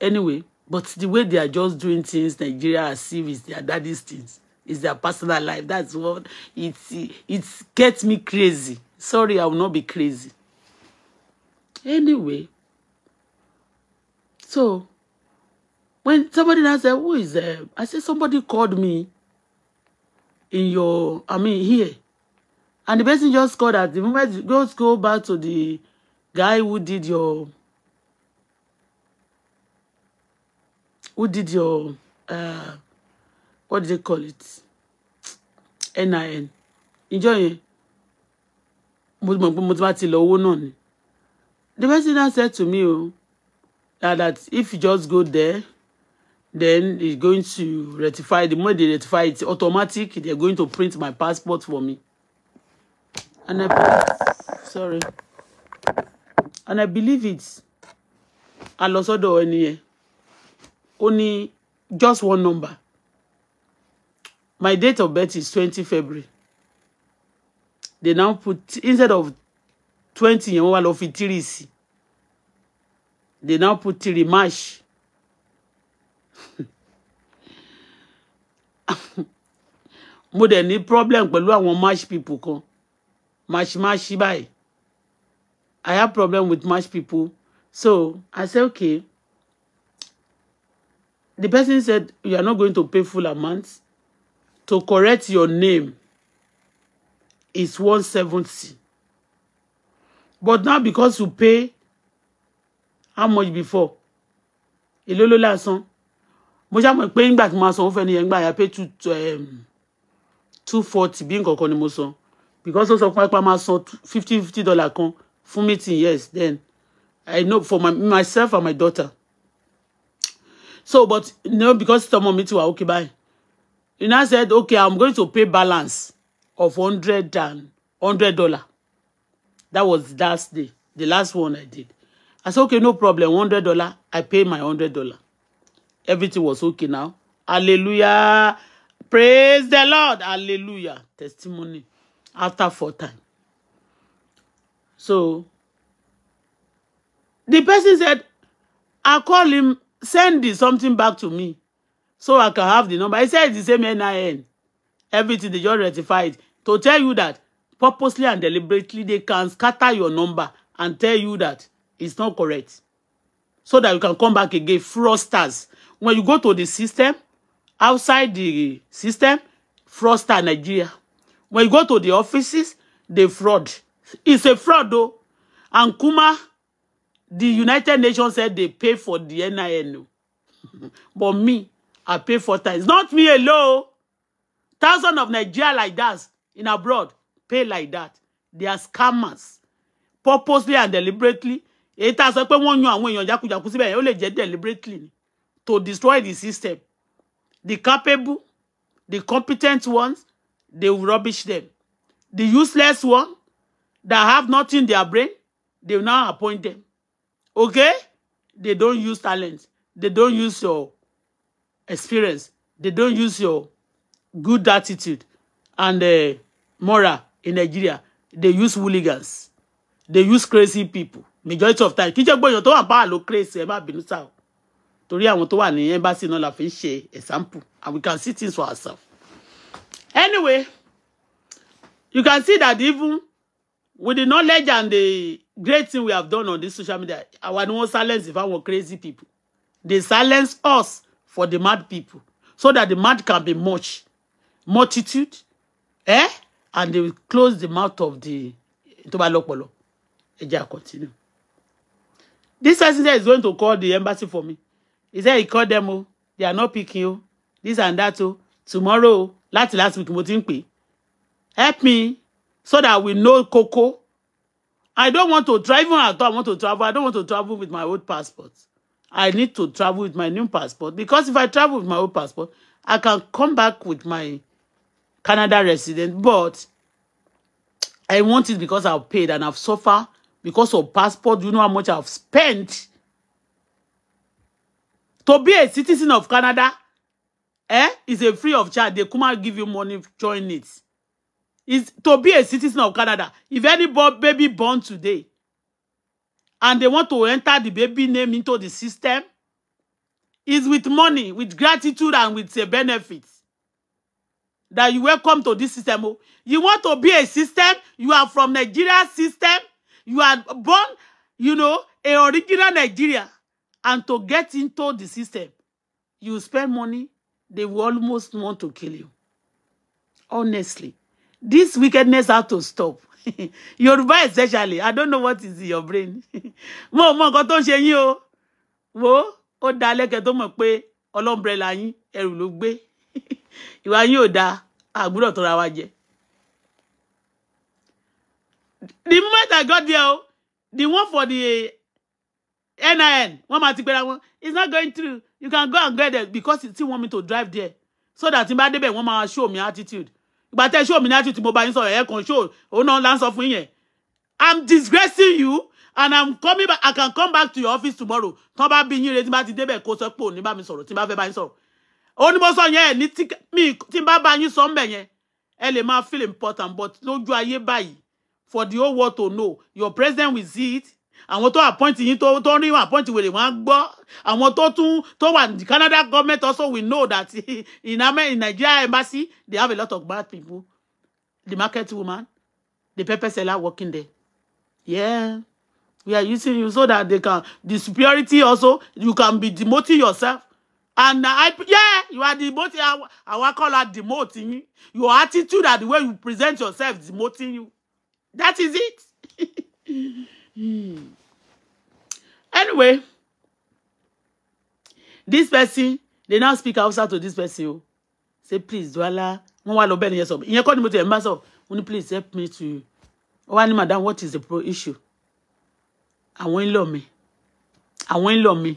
anyway but the way they are just doing things Nigeria as if it's their daddy's things Is their personal life. That's what it, it gets me crazy. Sorry, I will not be crazy. Anyway, so when somebody now said, who is there? Eh, I said, somebody called me in your, I mean, here. And the person just called at the moment, just go back to the guy who did your, who did your, uh, what do they call it NIN Enjoy. yẹn mo mọ̀ pé mo ti bá ti lọ owó the president said to me o oh, that, uh, that if you just go there then it's going to ratify. the moment they ratify, it automatic they're going to print my passport for me and I sorry and I believe it a lọ sọ́dọ̀ ẹni Only just one number My date of birth is 20 February. They now put, instead of 20 yẹn, wọ́n of lọ They now put three March. More than any problem but pẹ̀lú àwọn March people kan. March March báyìí. I have problem with March people. So I said, okay. The person said, you are not going to pay full amount to correct your name is 170. But now because you pay how much before? Èló ló lásán. Mo ṣá mọ̀ pé nígbà tí mo san fẹ́ ni yẹn gbà ya pay 2 um 240 bí nǹkan kan ni mo san. Because ó sọ pé pa máa san 50 50 dollar kan fún meeting yes then I know for my, myself and my daughter. So but no because tomorrow meeting ti wà okay bye. He now said, okay, I'm going to pay balance of hundred and hundred dollar. That was last day, the last one I did. I said, okay, no problem, hundred dollar. I pay my hundred dollar. Everything was okay now. Hallelujah. Praise the Lord. Hallelujah. Testimony after four time. So the person said, I call him, send something back to me so I can have the number. He said it's the same NIN. Everything they just rectified. To tell you that purposely and deliberately they can scatter your number and tell you that it's not correct. So that you can come back again. Fraudsters. When you go to the system, outside the system, fraudster Nigeria. When you go to the offices, they fraud. It's a fraud though. And Kuma, the United Nations said they pay for the NIN. but me, I pay four times. Not me alone. Thousands of Nigeria like that in abroad pay like that. They are scammers. Purposely and deliberately. Èyí tá a sọ pé wọ́n yan àwọn èèyàn jákujàku síbẹ̀ yẹn ó lè jẹ́ deliberately to destroy the system. The capable, the competent ones, they will rubbish them. The useless one that have nothing in their brain, they will now appoint them. Okay? They don't use talent. They don't use your experience they don't use your good attitude and uh, moral in Nigeria they use hooligans they use crazy people majority of time kì boy, you gbọ́dọ̀ tó wà báà ló crazy you have to sá o torí àwọn tó wà ní embassy náà la fi ń ṣe example and we can see things for ourselves anyway you can see that even with the knowledge and the great thing we have done on this social media àwa ni wọ́n silence if àwọn crazy people they silence us for the mad people so that the mad can be much multitude eh and they will close the mouth of the tó bá lọ́pọlọ continue this person is going to call the embassy for me he said he called them oh they are not picking you. this and that oh tomorrow oh láti last week mo help me so that we know Coco. i don't want to drive. at all i want to travel i don't want to travel with my old passport I need to travel with my new passport because if I travel with my old passport, I can come back with my Canada resident. But I want it because I've paid and I've suffered because of passport. You know how much I've spent to be a citizen of Canada. Eh, is a free of charge. They come and give you money, join it. Is to be a citizen of Canada. If any baby born today and they want to enter the baby name into the system is with money, with gratitude, and with a uh, benefits that you welcome to this system. Oh. You want to be a system, you are from Nigeria system, you are born, you know, a original Nigeria. And to get into the system, you spend money, they will almost want to kill you. Honestly, this wickedness has to stop. yorùbá especially i don't know what is in your brain mo mọ nǹkan tó ń ṣe yín o wo ó da lẹ́kẹ̀ẹ́ tó mọ̀ pé ọlọ́mbrẹ́là yín ẹrù ló gbé ìwà yín ò da àgbúrò tó ra wa jẹ. the moment i got there the one for the nin wọ́n máa ti gbéra wọn it's not going through you can go and get there because tí want me to drive there so that n bá débẹ̀ wọ́n máa show me attitude ìgbà tẹ́ show mi ní àtúntì mo bá yín sọ̀rọ̀ ẹ̀ kàn ṣó òun náà láǹsọ fún yẹn i'm disgracing you and i'm coming back i can come back to your office tomorrow tán bá bí yín retí bá ti débẹ̀ kó sọ pé òní bá mi sọ̀rọ̀ tí n bá fẹ́ bá yín sọ̀rọ̀ ó ní mo sọ yẹn ẹ̀ ní tí n bá bá yín sọ ń bẹ̀ yẹn ẹ lè máa feel important but lójú ayé báyìí for the whole world to know your president will see it àwọn tó appoint yín tó tó rí appoint wèrè wọn á gbọ́ àwọn tó tún tó wà the Canada government also we know that in amen in Nigeria embassy they have a lot of bad people the market woman the pepper seller working there yeah we are using you so that they can the superiority also you can be demoting yourself and I, yeah, you are demoting. I, I call her demoting. Your attitude and the way you present yourself demoting you. That is it. Hmm. Anyway, this person, they now speak outside to this person. Oh. Say, please, Dwala. Wọ́n wá lọ bẹ́ẹ̀ nìyẹn sọ. Ìyẹn kọ́ please help me to. Ó wá ní madam, what is the pro issue? Àwọn ń lọ mi. Àwọn ń lọ mi.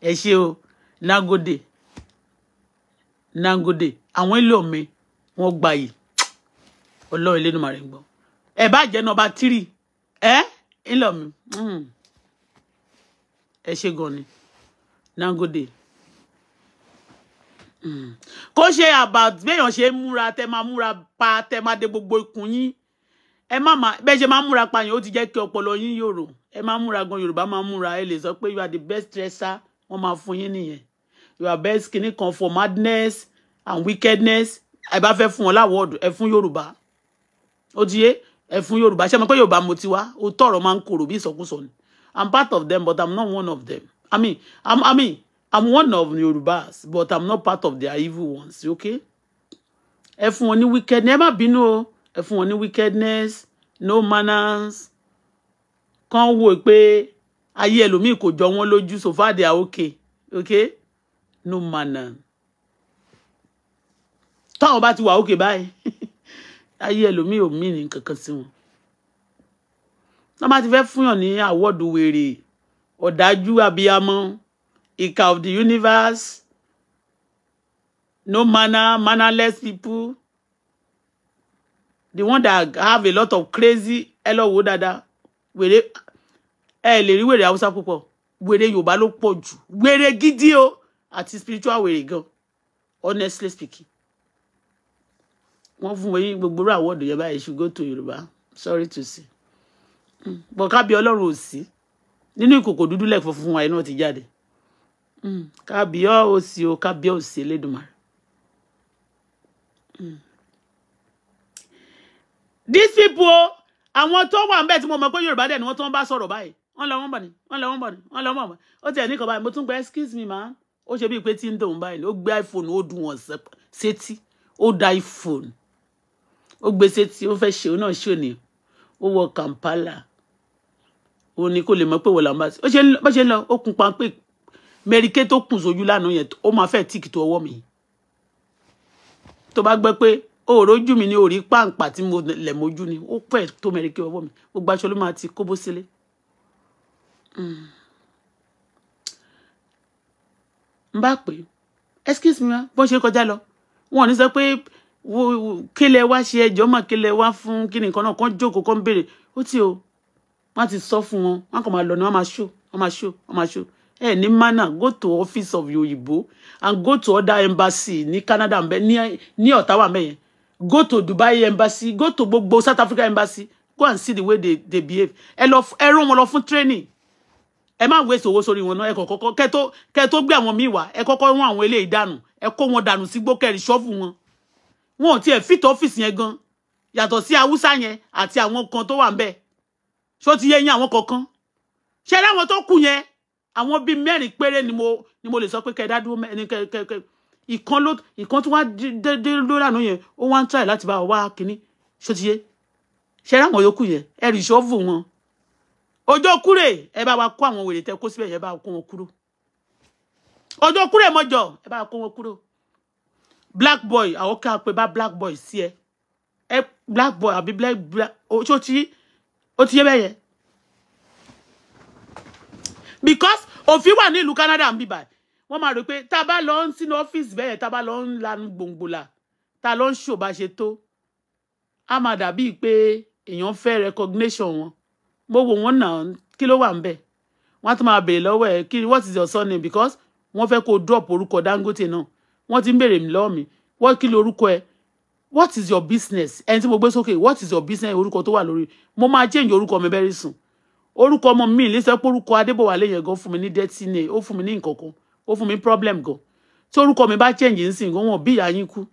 Ẹ ṣe o. Nagode. Nagode. Àwọn ń lọ mi. Wọ́n gbàyè. Ọlọ́run lẹ́nu màrẹ̀ ń gbọ́. Ẹ bá jẹ́ nọmba tírì. Ẹ́ ńlọ mi mm. ẹ ṣe gan ni nangode mm. kó ṣe about béèyàn ṣe múra tẹ máa múra pa tẹ máa dé gbogbo ikùn yín ẹ má má bẹ́ẹ̀ ṣe máa múra pa yẹn ó ti jẹ́ kí ọpọlọ yín yòrò ẹ máa múra gan yorùbá máa múra ẹ lè sọ pé you are the best dresser wọ́n máa fún yín nìyẹn you are best kinní kan for madness and wickedness ẹ bá fẹ́ fún wọn láwọ́ọ̀dù ẹ fún yorùbá ó ti yé ẹ fún yorùbá ṣé mo pé yorùbá mo ti wá ó tọrọ máa ń korò bí ìsọkúsọ ni i'm part of them but i'm not one of them i mean i'm i mean i'm one of yorùbás but i'm not part of their evil ones okay ẹ fún wọn ní wickedness ẹ má bínú o ẹ wọn ní wickedness no manners kan wò pé ayé ẹlòmíì kò jọ wọn lójú so far they are okay okay no manner táwọn bá ti wà okay báyìí. ayé ẹlòmíì ò mí ní kankan sí wọn wọn bá ti fẹ́ fúnyàn ní àwọ́dù wèrè ọ̀dájú abiyamọ ìkà of the universe no manner mannerless people the one that have a lot of crazy ẹ lọ wò dáadáa wèrè ẹ lè rí wèrè haúsá púpọ̀ wèrè yorùbá ló pọ̀ jù wèrè gidi o àti spiritual wèrè gan honestly speaking wọ́n fún yín gbogbo àwọ̀dù yẹn báyìí ṣùgbọ́n tó yorùbá sorry to say mm. bọ̀ kábí ọlọ́run ò sí nínú ìkòkò dúdú lẹ́ẹ̀kọ́ fún wa iná ti jáde mm. kábí ò sí o kábí ọ́ ò sí elédùnmarè. Mm. these people àwọn tó wà ń bẹ̀ tí mo mọ̀ pé yorùbá dẹ̀ ni wọ́n tó ń bá sọ̀rọ̀ báyìí wọ́n lọ wọ́n bọ̀ ni wọ́n lọ wọ́n bọ̀ ni wọ́n lọ wọ́n bọ̀ ni ó tiẹ̀ ní kan báyìí mo tún gba excuse me ma ó ṣe bíi pé tí ń dòun báyìí ó gbé iphone ó dùn wọ́n sétí ó da iphone ó gbèsè tí ó fẹ́ ṣe òun náà ṣe òní ó wọ Kampala òun ni kò lè mọ̀ pé wọ́n làwọn bá ṣe ó ṣe bá ṣe ń lọ ó kun pampé mẹ́ríkẹ́ tó kùn sójú lánàá yẹn ó máa fẹ́ tíìkì tó ọwọ́ mi tó bá gbọ́ pé ó rójú mi ní orí páǹpà tí mo lẹ̀ mójú ni ó pẹ́ tó mẹ́ríkẹ́ ọwọ́ mi gbogbo aṣọ ló máa ti kóbó sílé. n hmm. bá pè é excuse me ma bọ́n ṣe kọjá lọ wọn ò ní sọ pé kí lẹ wá ṣe ẹjọ́ mà kí lẹ wá fún kí nìkan náà kàn jókòó kàn béèrè ó ti o wọ́n ti sọ fún wọn wọ́n kàn máa lọ ni wọ́n máa ṣó wọ́n máa ṣó wọ́n máa ṣó ẹ ní mana go to office of yoyibo and go to other embassy ní Canada mbẹ ní Ottawa mbẹ yẹn go to Dubai embassy go to gbogbo South Africa embassy go and see the way they they behave ẹ lọ ẹ rán wọn lọ fún training ẹ má waste owó sórí wọn náà ẹ kọ́kọ́ kẹ́ tó kẹ́ tó gbé àwọn míì wá ẹ kọ́kọ́ rán àwọn eléyìí dànù ẹ kó wọn dànù sígbó kẹrin ṣọ́ọ̀fù wọn wọn ò tiẹ̀ fit ọ́fíìsì yẹn gan yàtọ̀ sí haúsá yẹn àti àwọn kan tó wà ń bẹ̀ ṣó ti yé yín àwọn kọ̀ọ̀kan ṣe láwọn tó kù yẹn àwọn bíi mẹ́rin péré ni mo ni mo lè sọ pé kẹdá dúró mẹ́rin kẹkẹkẹ ìkan ló ìkan tó wá dé lórí àná yẹn ó wá ń try láti bá wa kínní ṣó ti yé ṣe láwọn yòókù yẹn ẹ rí ìṣọ́fù wọn ọjọ́ kúrè ẹ bá wa kó àwọn wèrè tẹ kó síbẹ̀ yẹn bá kó wọn kúrò ọjọ́ kúrè mọ́jọ ẹ bá kó wọn kúrò black boy àwọn kí a pè bá black boy sí ẹ ẹ black boy àbí black black ó ti ó ti yé bẹ́ẹ̀ because òfin wà ní ìlú Canada ń bíbà wọ́n máa rò pé tá a bá lọ ń sínú ọ́fíìsì bẹ́ẹ̀ tá a bá lanu gbòǹgbòlà tá a lọ ń ṣò bá ṣe a máa dàbí pé èèyàn fẹ́ recognition wọn mo wò wọ́n náà kí ló wà ń bẹ̀ wọ́n á tún máa béèrè what is your surname because wọ́n fẹ́ kó drop orúkọ Dangote no wọ́n ti ń béèrè mi lọ́wọ́ mi wọ́n kí lorúkọ ẹ what is your business ẹni tí mo gbé sókè what is your business orúkọ tó wà lórí mo máa change orúkọ mi very soon orúkọ ọmọ mi lè sọ pé orúkọ adébọ̀wálé yẹn gan fún mi ní dirty name ó fún mi ní nǹkan kan ó fún mi problem gan tí orúkọ mi bá change nsìn gan wọn bí ìyá yín kú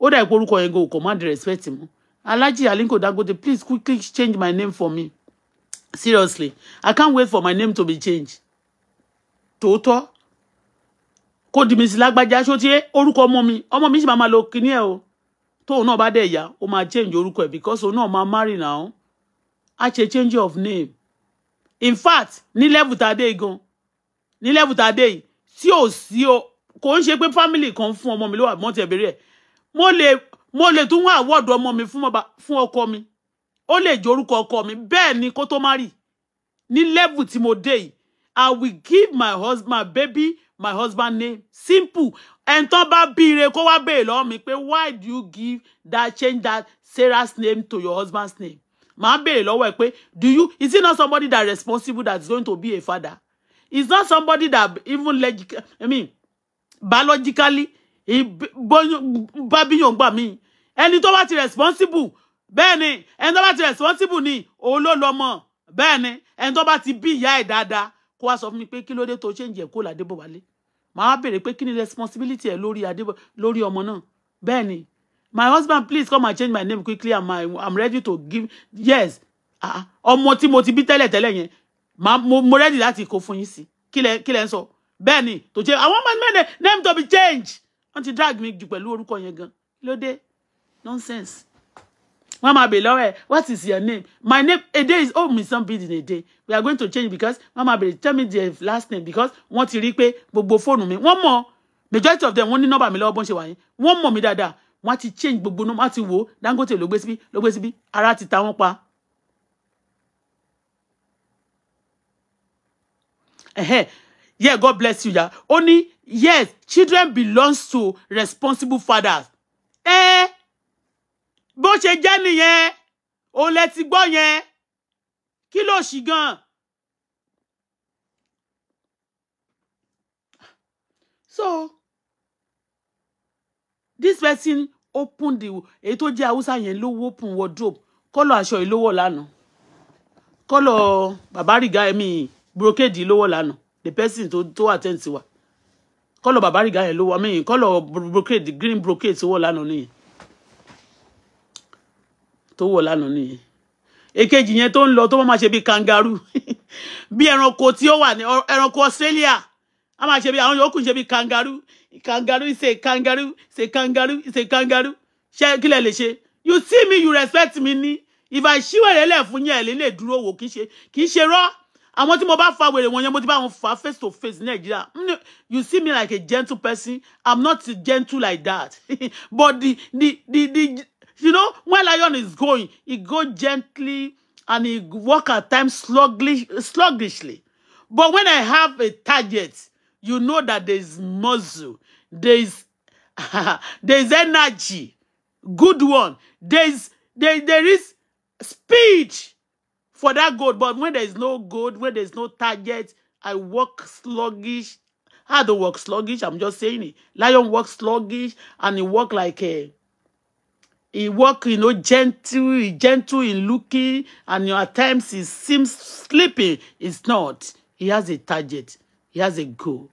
ó dà pé orúkọ yẹn gan ò command respect mu alhaji alinko dangote please quickly change my name for me seriously i can't wait for my name to be changed tòótọ́ kó di mi sí lágbájá ṣó tiẹ̀ orúkọ ọmọ mi ọmọ mi sì máa ma lo kinní ẹ̀ o to náà bá dẹ̀ yá o ma change orúkọ e because o náà ma marry now á ṣe change of name in fact ni level ta dey gan ni level ta dey dé o si o kò ń ṣe family kan fun ọmọ mi lo wà mọ́ ti ẹ̀bẹ̀rẹ̀ ẹ̀ mo le mo lè tún wá àwọ̀dù ọmọ mi fún ọkọ mi o le jẹ́ ọkọ mi bẹ́ẹ̀ ni kó tó má level ti mo dé I will give my husband, my baby, my husband name. Simple. And tó bá bíire kó wá béèrè lọ́wọ́ mi pé why do you give that change that Sarah's name to your husband's name? Ma béèrè lọ́wọ́ ẹ pé do you is it not somebody that responsible that is going to be a father? Is not somebody that even logical I mean biologically he bábíyàn gbà mí. Ẹni tó ba ti responsible bẹ́ẹ̀ ni ẹni tó bá ti responsible ni òun ló lọ́mọ bẹ́ẹ̀ ni ẹni tó bá ti bi ìyá ẹ̀ dáadáa kó wá sọ fún mi pé kí ló dé tó ṣèǹjẹ kó làdébò wálé màá béèrè pé kí ni responsibility ẹ lórí àdébò lórí ọmọ náà bẹ́ẹ̀ ni my husband please come and change my name quickly i'm i'm ready to give yes ah, ah. ọmọ tí mo ti bí tẹ́lẹ̀ tẹ́lẹ̀ yẹn mo ready láti kó fún yín sí kí lẹ ń sọ bẹ́ẹ̀ ni tó ṣe àwọn ọmọ mẹ́rin name to be changed wọ́n ti drag me jù pẹ̀lú orúkọ yẹn gan lóde nonsense Mama máa bèèrè lọ́wọ́ what is your name my name A day is home is not a day. we are going to change because Mama máa tell me the last name because want to repay. pé gbogbo me, one more majority of them wọ́n ní nọ́mbà mi lọ́wọ́ bọ́n ṣe One more. Me mọ̀ Want to change gbogbo nọ́mbà á ti wò ó Dangote ló gbé síbí ló gbé síbí yeah God bless you ya yeah. ó yes children belongs to responsible fathers. Eh? bó ṣe jẹ́ nìyẹn òun lẹ ti gbọ́ yẹn kí ló ṣì gan. so this person open the èyí tó jẹ́ haúsá yẹn ló open wardrobe kọ́lọ̀ aṣọ yìí ló wọ̀ lánàá kọ́lọ̀ bàbá rìgá ẹ̀mí brocade ló wọ̀ lánàá the person tó tó attend sí wa kọ́lọ̀ bàbá rìgá yẹn ló wọ̀ kọ́lọ̀ brocade green brocade tó wọ̀ lánàá nìyẹn tó wọ̀ lánàá nìyẹn èkejì yẹn tó ń lọ tó máa ṣe bíi kangaroo bí ẹranko tí ó wà ní ẹranko Australia a máa ṣe bíi àwọn yòókù ṣe bíi kangaroo kangaroo is kangaroo is kangaroo is kangaroo ṣe kí lẹ lè ṣe you see me you respect me ni ìfà ìṣíwèrè lẹ̀ fún yẹn lè lè dúró wò kì í ṣe kì í ṣe rọ́ àwọn tí mo bá fa wèrè wọn yẹn mo ti bá wọn fa face to face nàìjíríà mm, you see me like a gentle person i'm not gentle like that but the the the the You know, when lion is going, he go gently and he walk at times sluggishly. But when I have a target, you know that there is muscle, there is there is energy, good one. There is there, there is speed for that goal. But when there is no goal, when there is no target, I walk sluggish. I don't walk sluggish. I'm just saying it. Lion walks sluggish and he walk like a He walk, you know, gentle, gentle, in looking, and at times he seems sleepy. It's not. He has a target. He has a goal.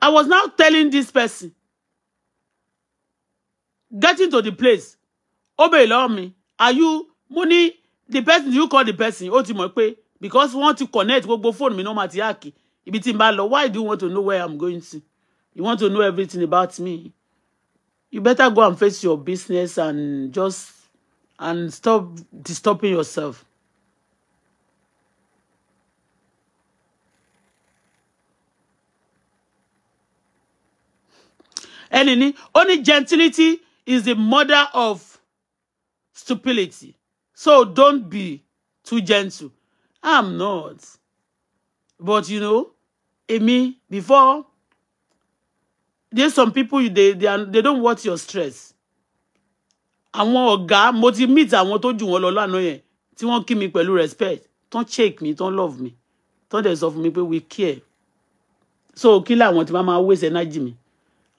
I was now telling this person, getting to the place, obey bèèrè me. are you, money? the person you call the person, ó ti because want to connect gbogbo phone mi no máa ti hack ibi tí n bá why do you want to know where i'm going to you want to know everything about me you better go and face your business and just and stop disturbing yourself. Anyway, only gentility is the mother of stupidity so don't be too gentle I'm not. But you know, Amy, before there's some people they they, are, they don't watch your stress. I want Àwọn ọ̀gá mo ti meet want to do all lọ No, yẹn tí wọ́n give me pẹ̀lú respect, Don't check me, Don't love me. Don't deserve me. fún we care. So killer, I want my máa waste energy me.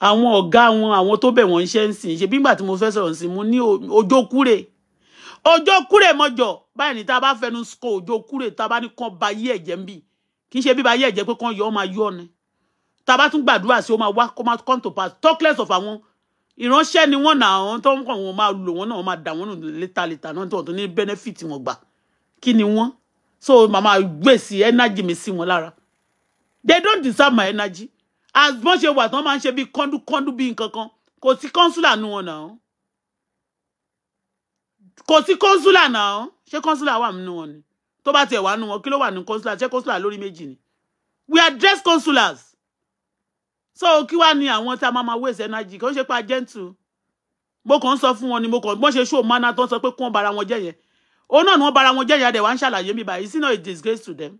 I want a guy, I want to be one chance. She bí ìgbà tí mo fẹ́ sọ̀rọ̀ sí mo ní ọjọ́ Ojo kure mojo, báyìí ní tá a bá fẹnu sọ ọjọ́ kúrè tá a bá ní kán ba yí ẹ̀jẹ̀ ń bì kì í ṣe bíba yí ẹ̀jẹ̀ pé kán yọ ọ́ máa yọ ni tá bá tún gbàdúrà sí ó máa wá kó máa come to pass talk less of àwọn ìránṣẹ́ ni wọ́n nà àwọn tó ń kàn wọ́n máa lò wọ́n náà wọ́n máa dà wọ́n nù létàlétà náà tó ní benefit wọn gbà kí ni wọ́n so màmá gbé sí energy mi sí wọn lára they don't deserve my energy as bọ́n ṣe wà tán máa ń ṣe bí kọ́ndúkọ́ndú bí nǹkan kan kò sí kọ́ńsúlà nu wọn náà kò sí kọ́nsúlà náà ṣé kọ́nsúlà wà nínú wọn ni tó bá tiẹ̀ wà nínú wọn kí ló wà nínú kọ́nsúlà ṣé kọ́nsúlà lórí méjì ni we are dressed consulars so kí wàá ní àwọn tá a máa ma waste energy kò ń ṣe pé agẹ́ǹtù mo kàn ń sọ fún wọn ni mo kàn bọ́n ṣe show manner tó ń sọ pé kí wọ́n bara wọn jẹ́ yẹn òun náà ni wọ́n bara wọn jẹ́ yẹn adẹ̀ wá ń ṣàlàyé mi báyìí sínú a disgrace to them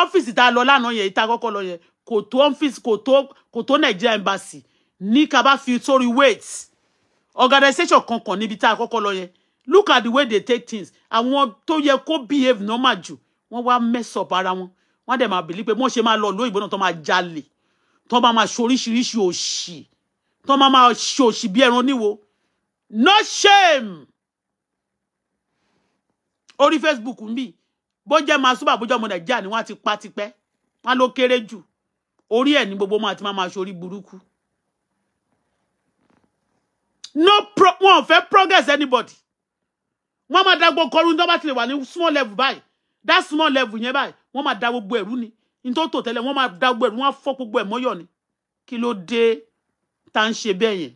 ọ́fíìsì tá a lọ lánàá yẹn ìta kọ́kọ́ lọ yẹn kò tó ọ́fíìsì kò tó kò tó Nigeria embassy ní ká bá fi sórí weight organization kankan níbi tá a kọ́kọ́ lọ yẹn look at the way they take things àwọn tó yẹ kó behave normal jù wọ́n wá mess up ara wọn wọ́n dẹ̀ máa believe pé wọ́n ṣe máa lọ lóyìnbó náà tó máa jalè tó máa máa ṣe oríṣiríṣi òṣì tó máa máa ṣe òṣì bí ẹran níwo no shame orí facebook ń bì bó jẹ́ máa súbà bójú ọmọ nàìjíríà ni wọ́n ti pa tipẹ́ wọ́n ló kéré jù orí ẹ̀ ní gbogbo máa ti máa máa ṣe orí burúkú no pro wọn ò fẹ́ progress anybody wọ́n máa da gbogbo ọrùn tó bá ti lè wà ní small level báyìí that small level yẹn báyìí wọ́n máa da gbogbo ẹ̀rú ni In tó tò tẹ́lẹ̀ wọ́n máa da gbogbo ẹ̀rú wọ́n á fọ́ gbogbo ẹ̀ ni kí ló dé tá ń ṣe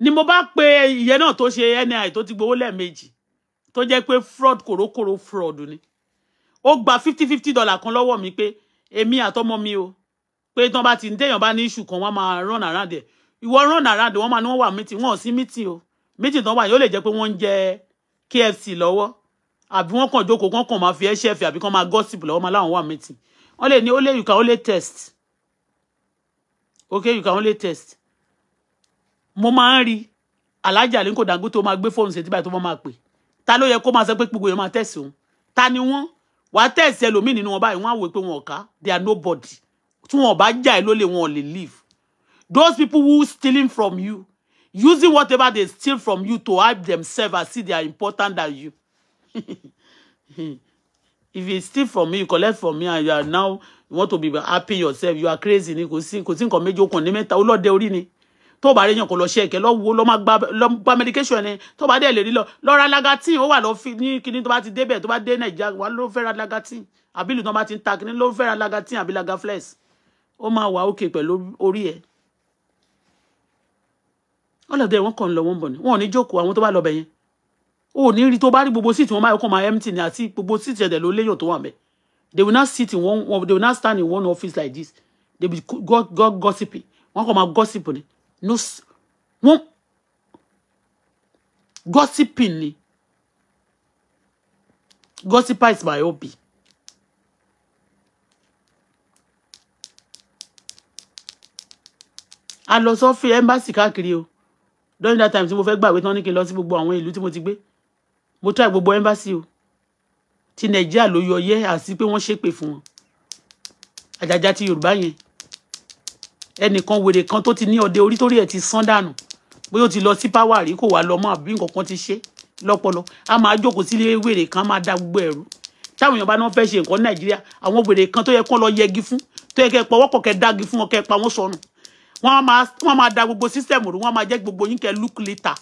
ni mo bá pe ìyẹn náà tó ṣe NII tó ti gbowó lẹ́ẹ̀mejì tó jẹ́ pé fraud kòrókòró fraud ni ó gba fifty fifty dollar kan lọ́wọ́ mi pe. Emi àtọmọ mi o pé tán bá ti ń téèyàn bá ní issue kan wọ́n máa run around ẹ̀ ìwọ run around wọ́n máa ní wọ́n wà meeting wọn ò sí meeting o meeting tán wà yóò lè jẹ́ pé wọ́n ń jẹ KFC lọ́wọ́ àbí wọ́n kàn jókòó kàn máa fi ẹṣẹ ẹfẹ àbí kán máa gossip lọ́wọ́ máa láwọn wà lè ní ó lè yùkà ó lè test ok yùkà ó lè test mo máa ń rí alájà tó máa gbé fóònù tó máa pè ta ló yẹ kó máa sọ pé gbogbo máa tẹ̀sí ni wàá tẹ̀sí ẹlòmíì nínú wọn báyìí á wò pé tí wọ́n bá jà ẹ́ lólè those people who stealing from you using whatever they steal from you to hype themselves as see they are important than you if you steal from me you collect from me and you are now you want to be happy yourself you are crazy ni kò sí kò sí nǹkan méjì okùn ní mẹ́ta ọlọ́dẹ orí ni tó bá réyàn kò lọ ṣe ẹ̀kẹ́ wo lo máa gba lọ́ gba medication ẹni tó bá dẹ̀ lè rí lọ lọ́ ra lagatin ó wà lọ́ fi ní kíní tó bá ti débẹ̀ tó bá dé nàìjíríà wà ló fẹ́ ra lagatin àbí ìlú tó bá ti ta kíní ló fẹ́ ra lagatin àbí lagaflex ó máa wà òkè pẹ̀lú orí ẹ̀ ọlọ́dẹ wọn kàn ń lọ wọn bọ̀ ni wọn ò ní jókòó àwọn tó bá lọ bẹ̀ yẹn o ò ní rí tó bá rí gbogbo síìtì wọn máa kàn máa empty ni àti gbogbo síìtì ẹ̀dẹ̀ ló léyàn tó wà mẹ́ they will not sit in one they will not stand in one office like this they will go go gossip wọn kàn máa gossip ni no wọn gossiping ni gossiper is my hobby a lọ sọ́fì ẹ́mbàsì káàkiri o during that time tí mo fẹ́ gbàgbé tán ní kí n lọ sí gbogbo àwọn ìlú tí mo ti gbé mo try gbogbo ẹ́mbàsì o ti nàìjíríà ló yọ yẹ àti pé wọ́n ṣépè fún wọn àjàjà ti yorùbá yẹn ẹnìkan wèrè kan tó ti ní ọdẹ orí torí ẹ̀ ti sán dànù bóyá ti lọ sí páwà rí kò wá lọ mọ́ àbí nǹkan kan ti ṣe lọ́pọlọ a máa jókòó sílé wèrè kan máa da gbogbo ẹ̀rú táwọn èèyàn bá náà fẹ́ ṣe nǹkan nàìjíríà àwọn wèrè kan tó yẹ kán lọ yẹgi fún tó yẹ kẹ́ pọwọ́pọ̀ kẹ́ dági fún wọn pa wọ́n sọnù wọ́n máa wọ́n máa da gbogbo system rú wọ́n máa jẹ́ gbogbo yín kẹ́ look later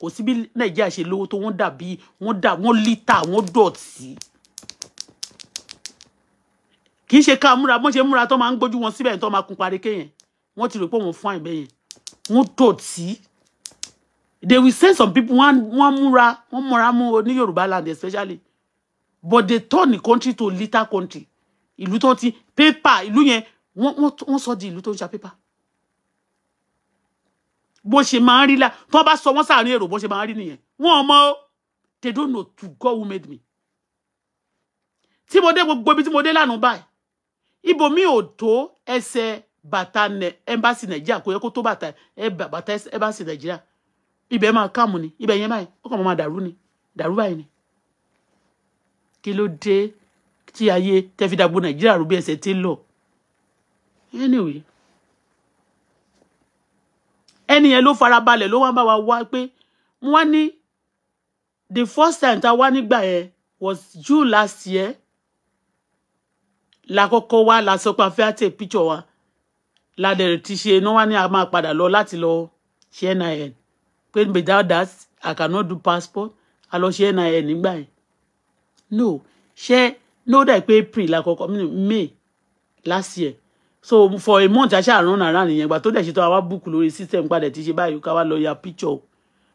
kò sí bí nàìjíríà ṣe lówó tó wọ́n dàbí wọ́n dà wọ́n lítà wọ́n dọ̀tí kì í ṣe ká múra bọ́n ṣe múra tó máa ń gbójú wọn síbẹ̀ tó máa kun parike yẹn wọ́n ti rò pé wọ́n fún àìbẹ́ yẹn wọ́n dọ̀tí they will send some people wọ́n múra wọ́n múra mú ní yorùbá land especially but they turn the country to litter country ìlú tó ti pépà ìlú yẹn wọ́n sọ di ìlú tó ń ṣa pépà bó ṣe máa ń rí la tó bá sọ wọ́n sáàrin èrò bó ṣe máa ń rí nìyẹn wọ́n mọ̀ o they don't know to God who made me tí mo dé gbogbo ibi tí mo dé lánàá báyìí ibo mi ò tó ẹsẹ̀ bàtà ẹmbásì nàìjíríà kò yẹ kó tó bàtà bàtà ẹmbásì nàìjíríà ibẹ̀ máa kàmù ni ibẹ̀ yẹn báyìí ó kàn máa dàrú ni dàrú báyìí ni kí ló dé tí ayé tẹ́ fi dàgbò nàìjíríà rú bí ẹsẹ̀ tí ń lọ anyway ẹni yẹn ló farabalẹ̀ ló wá bá wa wá pé wọ́n ní the first time tá a wá nígbà yẹn was June last year la kọ́kọ́ wá la sọ pé a fẹ́ take picture wa la dẹ̀ ti ṣe iná wá ní a máa padà lọ láti lọ ṣe NIN pé without that I cannot do passport a lọ ṣe NIN nígbà yẹn no ṣe no dẹ̀ pé april la kọ́kọ́ may last year so for a month aṣáà run around ìyẹn ìgbà tó dẹ̀ ṣe tó àwa book lórí system padà ti ṣe báyìí ká wá lọ ya picture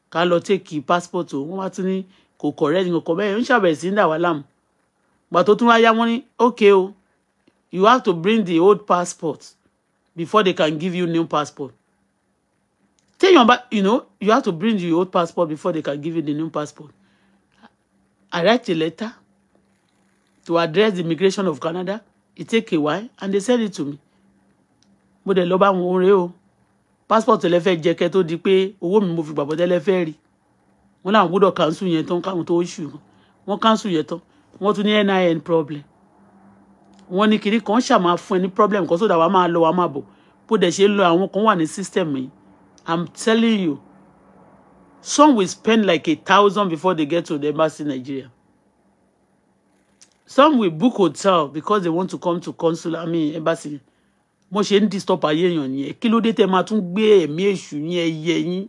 ká lọ take passport wọn wá tún ní kò correct ní kò bẹ́ẹ̀ ń ṣàbẹ̀rẹ̀ sí ń dà wá láàmú ìgbà tó tún wá yá wọn okay o you have to bring the old passport before they can give you new passport Tell you, bá you know you have to bring the old passport before they can give you the new passport I write a letter to address the immigration of Canada it take a while and they send it to me mo dẹ̀ lọ bá wọn ọ̀rẹ́ o passport lẹ fẹ́ jẹ kẹ tó di pé owó mi mo fi gbàgbọ́ tẹ́lẹ̀ fẹ́ rí wọn làwọn gbọ́dọ̀ cancel yẹn tán káwọn tó ṣù wọn cancel yẹn tán wọn tún ní NIN problem wọn ní kiri kan ṣàmà fún ẹ ní problem kan sódà wàá máa lọ wàá máa bọ̀ bó dẹ̀ ṣe lọ àwọn kan wà ní system yìí I'm telling you some will spend like a thousand before they get to the embassy Nigeria some will book hotel because they want to come to consul I mean embassy mo ṣe ń disturb ayé èèyàn nìyẹn kí ló dé tẹ máa tún gbé ẹ̀mí èṣù yín ẹyẹ yín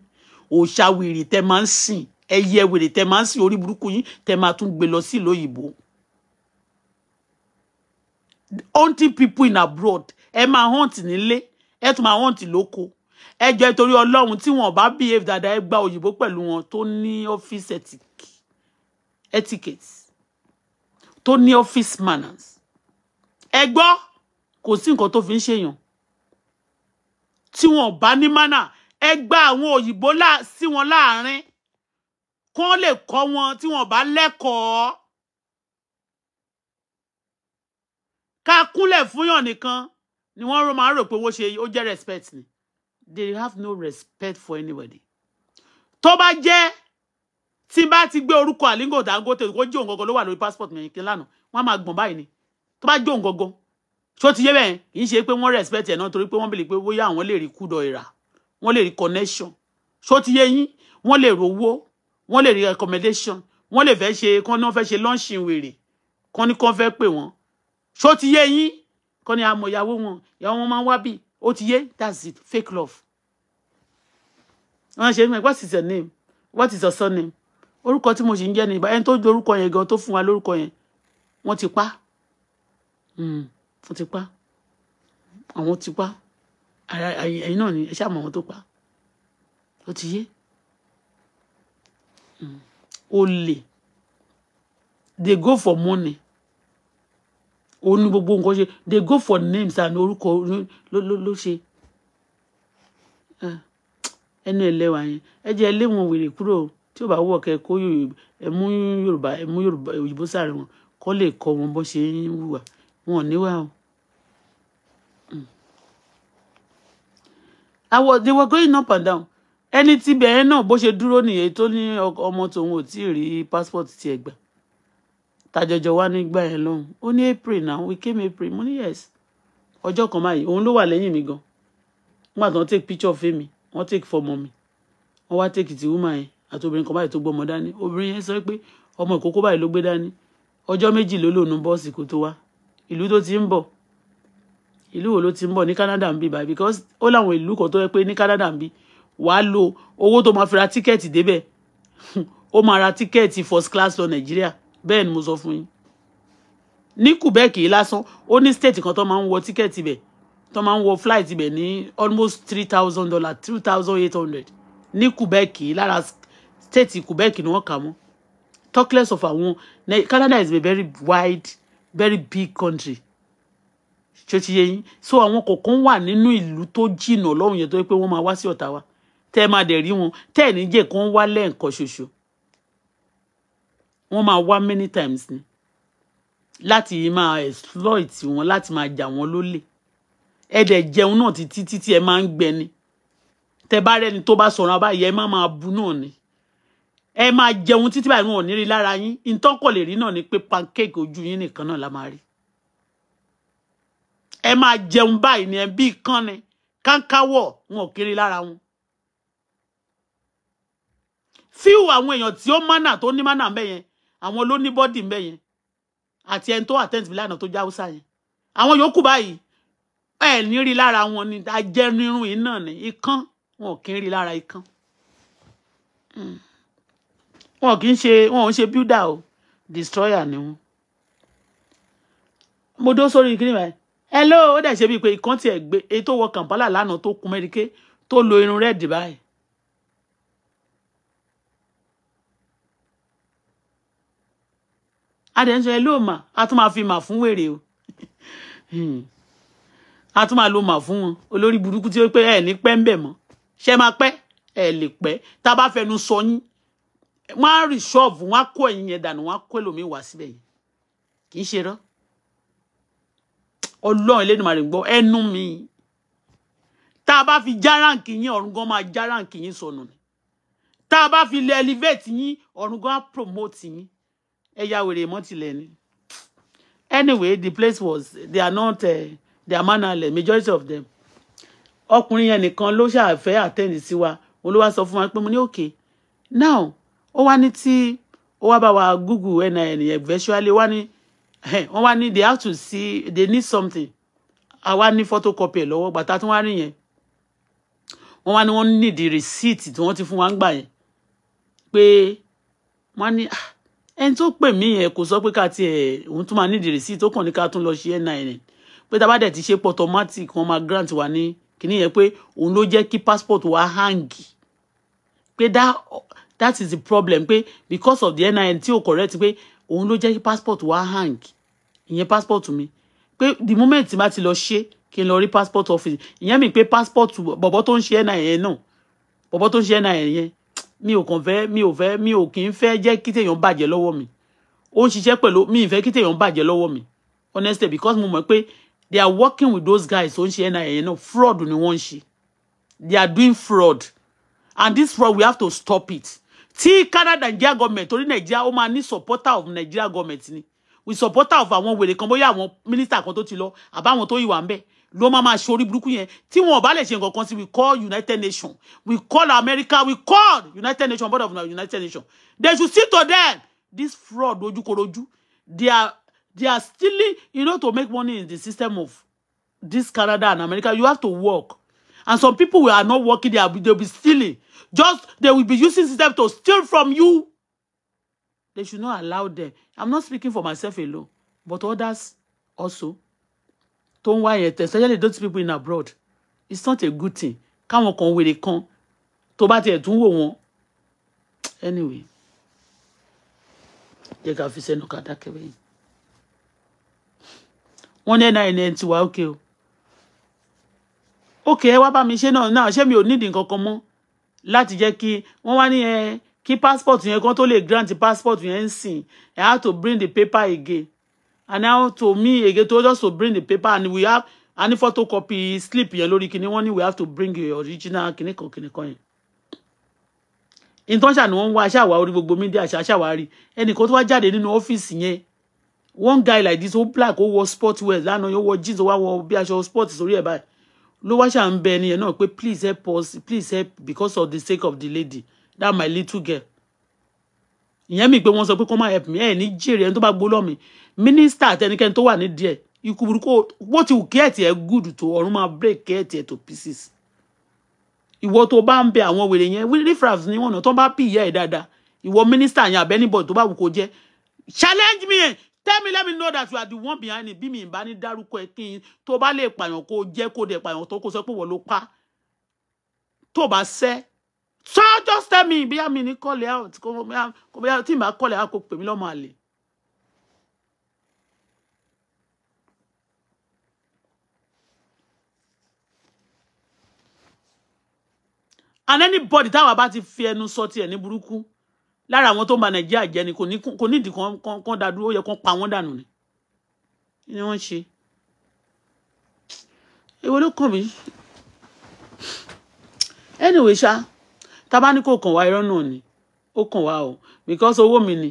òòṣà wèrè tẹ máa ń sìn ẹyẹ wèrè tẹ máa ń sìn orí burúkú yín tẹ máa tún gbé lọ sí ìlú òyìnbó hunting people in abroad ẹ máa hunt nílé ẹ tún máa hunt lóko ẹ jọ̀ọ́ nítorí Ọlọ́run tí wọn bá behave dáadáa ẹ gba òyìnbó pẹ̀lú wọn tó ní office etiquette tó ní office manners ẹ gbọ́ kò sí nǹkan tó fi ń ṣèyàn tí wọn bá ní mánà ẹ gba àwọn òyìnbó sí wọn láàrin kán lè kọ́ wọn tí wọn bá lẹ́kọ̀ọ́ ká kúnlẹ̀ fúnyàn nìkan ni wọ́n rò máa rò pé owó ṣe ó jẹ́ respect ni they have no respect for anybody tó bá jẹ́ tí n bá ti gbé orúkọ àlíngò Dangote kó jẹ́ òǹgọ̀gọ̀ ló wà lórí passport mi kí n lánàá wọ́n máa gbọ̀n báyìí ni tó bá jẹ́ òǹgọ̀gọ̀ ṣó ti yé bẹ́ẹ̀ kì í ṣe pé wọ́n respect ẹ̀ náà torí pé wọ́n bèèrè pé bóyá àwọn lè rí kúdọ̀ ìrà wọ́n lè rí connection ṣó ti yé yín wọ́n lè rówó wọ́n lè rí accommodation wọ́n lè fẹ́ ṣe kán ní wọ́n fẹ́ ṣe lọ́ǹṣì wèrè kán ní kán fẹ́ pè wọ́n ṣó ti yé yín kán ní amọ̀ ìyàwó wọn ìyàwó wọn máa ń wá bì ó ti yé that's it fake love. wọ́n ṣe é what is your name what is your surname orúkọ tí mo sì ń jẹ́ ni ìbá ẹni tó lórúkọ yẹn gan tó fún wa lórúkọ yẹn wọ́n ti pa. Mm fún tipa àwọn tipa ẹ̀yin náà ni ẹ ṣáà mọ àwọn tó pa ó ti yé hmm. olè they go for money òun ni gbogbo nǹkan ṣe they go for names and orúkọ ló ṣe ah. ẹnu ẹlẹ́wà yẹn ẹ jẹ́ ẹ lé wọn wèrè kúrò tí ó bá wọ̀ kẹ́ kó ẹ mú yorùbá ẹ mú yorùbá òyìnbó sáré wọn kọ́ lè kọ́ wọn bó ṣe ń hùwà wọn ò níwà o. Mm. àwọ̀ they were going up and down ẹni tí bẹ̀rẹ̀ náà bó ṣe dúró nìyẹn tó ní ọmọ tòun ò tí ì rí passport tiẹ̀ gbà tàjọjọ wá nígbà yẹn lọ́hùn ó ní april náà we came april mo ní yes ọjọ́ kan báyìí òun ló wà lẹ́yìn mi gan nígbà tí wọ́n take picture of mi wọ́n take fọmọ mi wọ́n wá take ti woman yẹn àti obìnrin kan báyìí tó gbọ́mọ dání obìnrin yẹn sọ pé ọmọ ìkókó báyìí ló gbé dání ọjọ́ méjì ló lò nù bọ́ọ̀sì kó tó wá ìlú tó ti ń bọ̀ ìlú wo ló ti ń bọ̀ ní Canada ń bí báyìí because ó láwọn ìlú kan tó yẹ pé ní Canada ń bí wàá lo owó tó máa fi ra tíkẹ́ẹ̀tì débẹ̀ ó máa ra tíkẹ́ẹ̀tì first class lọ Nàìjíríà bẹ́ẹ̀ ni mo sọ fún yín ní Quebec lásán ó ní state kan tó máa ń wọ tíkẹ́ẹ̀tì bẹ̀ tó máa ń wọ flight bẹ̀ ní almost three thousand dollars two thousand eight hundred ní Quebec yìí lára state Quebec ni wọ́n kà mọ́ talk less of àwọn Canada is a very wide very big country ṣé yín so àwọn kọ̀ọ̀kan wà nínú ìlú tó jìnà lọ́hùn yẹn tó yẹ pé wọ́n máa wá sí Ọ̀tà wa tẹ́ ẹ máa dẹ̀ rí wọn tẹ́ ẹ̀ ní jẹ́ kó ń wá lẹ́ẹ̀kan ṣoṣo wọ́n máa wá many times ni láti máa exploit wọn láti máa jà wọ́n lólè ẹ dẹ̀ jẹun náà títí títí ẹ máa ń gbẹ ni tẹ́ bá rẹ́ni tó bá sọ̀rọ̀ abáyẹ ẹ má máa bu náà ni ẹ máa jẹun títí báyìí wọn ò ní rí lára yín ìtàn kò lè rí náà ni pé pancake ojú yín nìkan náà la máa rí ẹ máa jẹun báyìí ni ẹ bí ìkànnì kánkáwọ̀ wọn ò kiri lára wọn fíw àwọn èèyàn tí ó mánà tó ní mánà mbẹ yẹn àwọn ló ní bọ́dì mbẹ yẹn àti ẹni tó àtẹ́ǹtì bí lánàá tó já haúsá yẹn àwọn yòókù báyìí ẹ ní rí lára wọn ni ajẹnirun yìí náà ni ikán wọn ò kí lára ikán. Mm wọn kì í ṣe wọn ò ń ṣe builder o destroyer ni wọn. mo dó sórí kí ni hello ó dẹ̀ ṣe bíi pé ìkan tiẹ̀ gbé èyí tó wọ Kampala lánàá tó kun mẹ́ríkẹ́ tó lo irun rẹ́ẹ̀dì báyìí. adẹ̀ńsọ ẹ ló mà á tún máa fi mà fún wèrè o á tún máa lo mà fún wọn olórí burúkú tí ó pé ẹ ní pẹ́ ń bẹ̀ mọ́ ṣe máa pẹ́ ẹ lè pẹ́ tá a bá fẹnu sọ yín wọ́n á rìṣọ́ọ̀bù wọ́n á kó ẹ̀yìn yẹn dànù wọ́n á kó ẹlòmíín wá síbẹ̀ yẹn kì í ṣe rọ́ ọlọ́run Elédùmarè ń gbọ́ ẹnu mi tá a bá fi já yín ọ̀run gan máa já yín sọnù ni tá a bá fi lè elevate yín ọ̀run gan á promote yín ẹ̀yà wèrè mọ́tìlẹ̀ ni anyway the place was they are not uh, they are mannerless majority of them ọkùnrin yẹn nìkan ló ṣàfẹ́ àtẹ́ǹdì sí wa olúwa sọ fún wa pé mo ní òkè now ó wá ní tí ó wá bá wa google nin eventually wá ní wọ́n wá ní they have to see they need something àwa ní photocopy ẹ̀ lọ́wọ́ gbàtà tí wọ́n á rí yẹn wọ́n wá ní wọ́n need the receipt tí wọ́n ti fún wa ń gbà yẹn pé wọ́n ní ah, ẹni tó pè mí yẹn kò sọ pé ká tiẹ̀ òun tún máa need the receipt tó kàn ní ká tún lọ ṣe nin pé tá a bá dẹ̀ ti ṣe automatic wọ́n máa grant wa ní kíní yẹn pé òun ló jẹ́ kí passport wa hang pé that that is the problem pé because of the NIN tí ò correct pé òun ló jẹ́ kí passport wa hang ìyẹn passport mi pé the moment tí n bá ti lọ ṣe kí n lọ passport office ìyẹn mi pé passport bọ̀bọ̀ tó ń ṣe NIN náà bọ̀bọ̀ tó ń ṣe NIN yẹn mi o kàn fẹ́ mi ò fẹ́ mi ò kì í fẹ́ jẹ́ kí tèèyàn bàjẹ́ lọ́wọ́ mi ó ń ṣiṣẹ́ mi ì fẹ́ kí tèèyàn bàjẹ́ mi honestly because mo mọ̀ pé they are working with those guys so ń ṣe NIN náà fraud ni wọ́n ń they are doing fraud and this fraud we have to stop it tí Canada Nigeria government torí Nigeria ó máa ní supporter of Nigeria government ni with supporter of àwọn wèrè kan bóyá àwọn minister kan tó ti lọ àbáwọn tó ìwà ń bẹ ló máa máa ṣorí burúkú yẹn tí wọn ò bá lè ṣe nǹkan kan we call United Nations we call America we call United Nations board of United Nations they should see to them this fraud Oju Koroju. they are they are stealing you know to make money in the system of this Canada and America you have to work And some people who are not working, they are, they'll be stealing. Just, they will be using system to steal from you. They should not allow them. I'm not speaking for myself alone, but others also. Don't ń especially those people in abroad. It's not a good thing. Come on, come, kan. Tó bá tiẹ̀ tún wò wọ́n. Anyway. Jẹ́ ká fi sẹ́nu ká dákẹ́ bẹ́yìn. Wọ́n ní ẹ̀nà ẹ̀nà ẹ̀ ókè ẹ wá bá mi ṣe náà náà ṣé mi ò nídìí nǹkan kan mọ́ láti jẹ́ kí wọ́n wá ní ẹ kí passport yẹn kan tó lè grant passport yẹn ń sìn ẹ how to bring the paper again and how to me again to just to bring the paper and we have a photocopy slip yẹn lórí kinní wọ́n ní we have to bring the original kinní kan kinní kan yẹn nǹkan ṣà ni wọ́n ń wá aṣáwá orí gbogbo mídíà aṣáwá rí ẹnìkan tó wá jáde nínú ọ́fíìsì yẹn one guy like this ó black ó wọ sport lánàá yóò wọ jeans ó wá wọ bí aṣọ sport sórí ẹ̀ báyìí ló wá ṣà ń bẹ ẹni yẹn náà pé please help us please help because of the sake of the lady that my little girl ìyẹn mi pé wọ́n sọ pé kó má help me ẹ̀ ní jèrè ẹni tó bá gbólọ́ mi mínísítà àtẹnikẹ́ni tó wà ní díẹ̀ ikú burúkú bó ti wù kí ẹ̀ tiẹ̀ good to ọ̀run máa break kí ẹ̀ tiẹ̀ to pieces ìwọ tó bá ń bẹ àwọn wèrè yẹn refraps ni wọn náà tó bá pì ìyá ẹ̀ dáadáa ìwọ mínísítà yẹn àbẹ́nibọ̀ tó bá wù kó jẹ́ challenge me tell me let me know that you are the one behind it bí mi ìbá ní dárúkọ ẹ kí n tó bá lè pààyàn kó jẹ́ kó dẹ̀ pààyàn tó kó sọ pé wọ́n ló pa tó bá sẹ́ so just tell me bí àmì ní call out kó bí tí ìbá call out kó pè mí lọ́mọ àlè. and anybody táwa bá ti fi ẹnu sọ tiẹ̀ ní burúkú lára àwọn tó ń ba nàìjíríà jẹ́ ni kò nídìí kan kan dá dúró ó yẹ kán pa wọ́n dànù ni ni wọ́n ṣe èwo ló kàn mí anyway ṣá tá bá ní kò kàn wá irọ́ náà ni ó kàn wá o because owó mi ni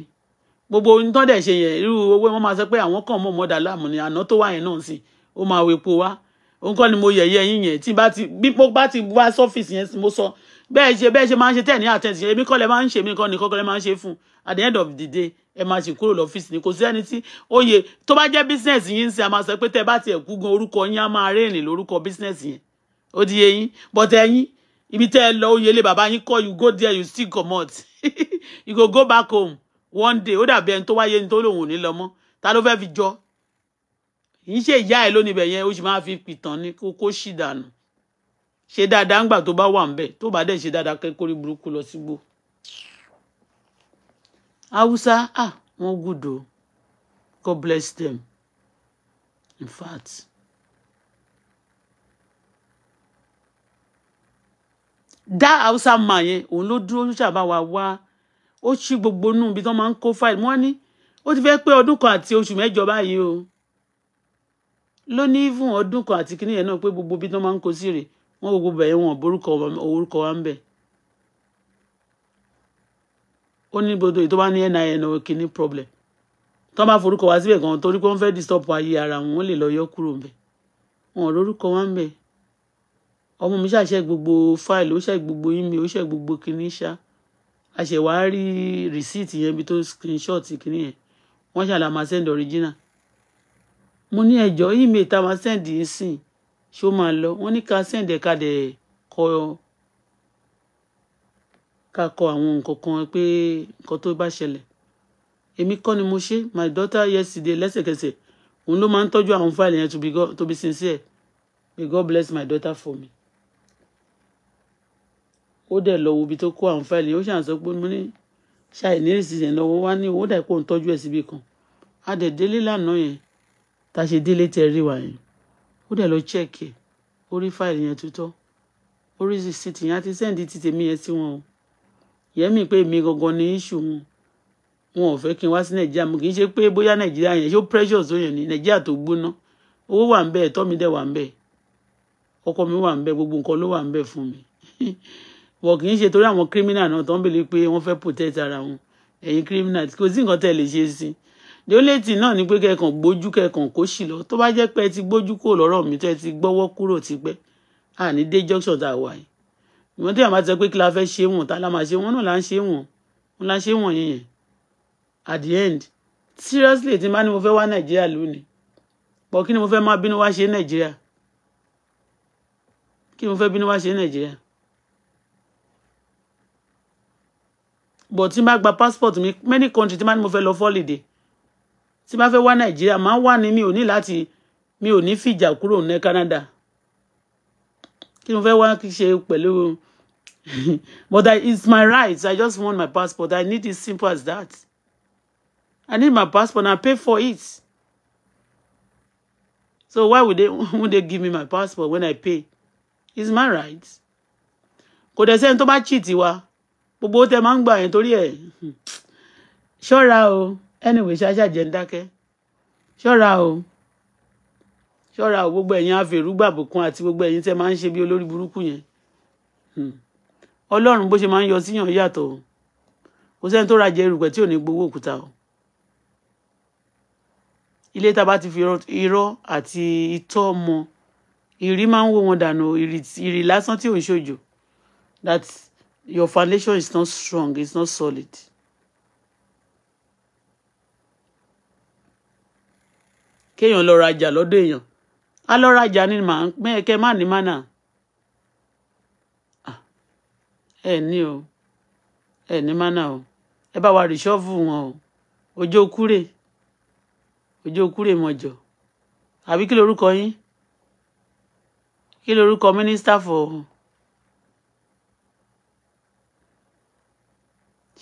gbogbo ohun tán dẹ̀ ṣe yẹn irú owó wọn máa sọ pé àwọn kan mọ̀ mọ́dà láàmú ni àná tó wà yẹn náà sì ó máa wo wá òun kọ́ ni mo yẹ̀yẹ́ yín yẹn tí bá ti bí mo bá ti wá sọ́fíìsì yẹn mo sọ bẹ́ẹ̀ ṣe bẹ́ẹ̀ ṣe máa ń ṣe tẹ̀ní àtẹ̀sí èmi kọ́ lẹ máa ń ṣe èmi kọ́ nìkan kọ́ lẹ máa ń ṣe fún at the end of the day ẹ máa ṣì kúrò lọ́fíìsì ni kò sí ẹni tí oyè tó bá jẹ́ bísínẹ̀sì yín ń a máa sọ pé tẹ bá tiẹ̀ kú gan orúkọ yín á máa rẹ́rìn lórúkọ bísínẹ̀sì yẹn ó di eyín but ẹ̀yin ibi tẹ́ ẹ lọ oyè lé bàbá yín kọ́ you go there you still comot you go go back home one day ó dàbí ẹni tó wáyé ni tó lòun ò ní lọ mọ́ ta ló fẹ́ fi jọ kì í ṣe ìyá ẹ lónìí bẹ̀yẹn ó sì máa fi pìtàn ní kókó ṣì dànù ṣe dáadáa ńgbà tó bá wà ńbẹ̀ tó bá dẹ̀ ṣe dáadáa kẹ́ kórí burúkú lọ sígbó haúsá ah wọ́n good god bless them in fact dá haúsá mà yẹn òun ló dúró ṣàbá wa wá ó ṣí gbogbo nù ibi tó máa ń kó fáìlì wọ́n ní ó ti fẹ́ pé ọdún kan àti oṣù mẹ́jọ báyìí o ló ní ọdún kan àti kìnìyẹn náà pé gbogbo ibi tó máa ń kó sí rèé wọn wo gbogbo ẹ̀ wọn borúkọ orúkọ wa ń bẹ̀ ó ní gbogbo èyí bá ní nin kìíní problem tó bá forúkọ wá síbẹ̀ gan torí pé wọ́n fẹ́ disturb ayé ara wọn wọ́n lè lọ yọ kúrò ńbẹ̀ wọn ò rórúkọ wá ń bẹ̀ ọmọ mi ṣàṣẹ gbogbo fáìlì ó ṣe gbogbo email ó ṣe gbogbo kìíní ṣá àṣẹwà rí rìsíìtì yẹn bí tó screenshot kìíní yẹn wọ́n ṣàlà send original mo ní ẹjọ́ email tá a máa send yìí sìn ṣó máa lọ wọ́n ní ká sẹ́ǹdẹ̀ ká dẹ̀ kọ ká kọ àwọn nǹkan kan pé nǹkan tó bá ṣẹlẹ̀ èmi kọ́ ni mo ṣe my daughter yesterday lẹ́sẹ̀kẹsẹ̀ òun ló máa ń tọ́jú àwọn fáìlì yẹn to be to be sincere may God bless my daughter for me ó dẹ̀ lọ wo ibi tó kó àwọn fáìlì yẹn ó ṣàn sọ pé mo ní ṣáì ní ìsinsìnyí lọ́wọ́ wá ní owó dàpọ̀ ń tọ́jú ẹ̀ síbi kan a dẹ̀ délé lánàá yẹn tá a ṣe délé tẹ rí wa yẹn ó dẹ̀ lọ chẹ́ẹ̀kì e, ó rí fáìlì yẹn tuntun ó rí sísìtì yẹn àti sẹ́ǹdì ti tèmi yẹn sí wọn o ìyẹn mi pé èmi gangan ní iṣu wọn wọn ò fẹ́ kí n wá sí nàìjíríà mo kì í ṣe pé bóyá nàìjíríà yẹn ṣó pressure tó yẹn ní nàìjíríà tó gbóná owó wà ń bẹ ẹ̀tọ́ mi dẹ̀ wà ń bẹ ọkọ mi wà ń bẹ gbogbo nǹkan ló wà ń bẹ fún mi wọ́n kì í ṣe torí àwọn criminal náà tó ń bèlè pé wọ́n fẹ́ protect ara wọn ẹ̀yin criminal kò sí nǹkan tẹ́ lè ṣe sí i the only thing náà ni pé kẹkàn gbójú kẹkàn kó sì lọ tó bá jẹ́ pé ẹ ti gbójú kúrò lọ́rọ̀ mi tó ẹ ti gbọ́wọ́ kúrò tipẹ́ àní dé junction tá a wà yìí ìwọ́n tí àwọn máa ti sọ pé kí la fẹ́ ṣe wọ́n tá la máa ṣe wọ́n náà là ń ṣe wọ́n wọ́n là ń ṣe wọ́n yẹn at the end seriously tí n bá ní mo fẹ́ wá nàìjíríà lónìí pọ̀ kí ni mo fẹ́ máa bínú wá ṣe nàìjíríà kí ni mo fẹ́ bínú wá ṣe nàìjíríà but tí n bá gba passport mi many countries, tí n bá ní mo fẹ́ lọ fọ́lìdè tí bá fẹ́ wá nàìjíríà máa wà ní mi ò ní láti mi ò ní fìjà kúrò ní Canada kí ni mo fẹ́ wá ṣe pẹ̀lú but I, it's my right I just want my passport I need it simple as that I need my passport and I pay for it so why would they would they give me my passport when I pay it's my right kò dẹ̀ sẹ́ni tó bá cheat wa gbogbo tẹ máa ń gbà yẹn torí ẹ̀ ṣọ́ra o anyway ṣáṣàjẹ́ ń dákẹ́ ṣọ́ra o ṣọ́ra o gbogbo ẹ̀yin afẹ́rúgbàbùkún àti gbogbo ẹ̀yin tẹ́ máa ń ṣe bí olórí burúkú yẹn hmm. ọlọ́run bó ṣe máa ń yọ síyàn yàtọ̀ o kò sẹ́ni tó rajẹ erùpẹ̀ tí ò ní gbowó òkúta o ilé tá a bá ti fi irọ́ àti itọ́ mọ ìrì máa ń wó wọn dànù ìrì lásán tí ò ń ṣòjò that your foundation is not strong it's not solid. kéèyàn lọ rajà lọ́dọ̀ èèyàn A lọ rajà ni màá mẹ́ẹ̀kẹ́ má ní mánà ẹ ní o ẹ ní mánà o ẹ bá wa rìṣọ́ọ̀fù wọn o ọjọ́ kúrè ọjọ́ kúrè mọ̀jọ̀ àbí kí lorúkọ yín kí lorúkọ mínísítà for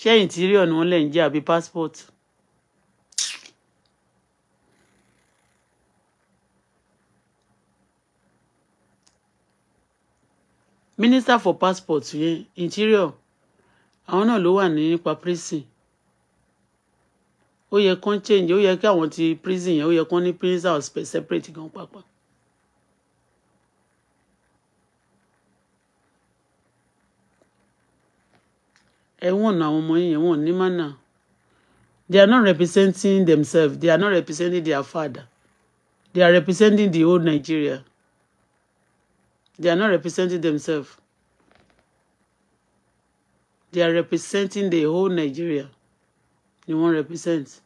ṣẹ́yìn tí rí ọ̀nà wọn lẹ̀ jẹ́ àbí passport. minister for passport yẹn interior àwọn náà ló wà nípa prison ó yẹ kán change ó yẹ kí àwọn ti prison yẹn ó yẹ kán ní prison house separate gan pàápàá. ẹ̀wọ̀n náà àwọn ọmọ yẹn ẹ̀wọ̀n ní mánà they are not representing themselves they are not representing their father they are representing the whole Nigeria. They are not representing themselves. They are representing the whole Nigeria. They won't represent.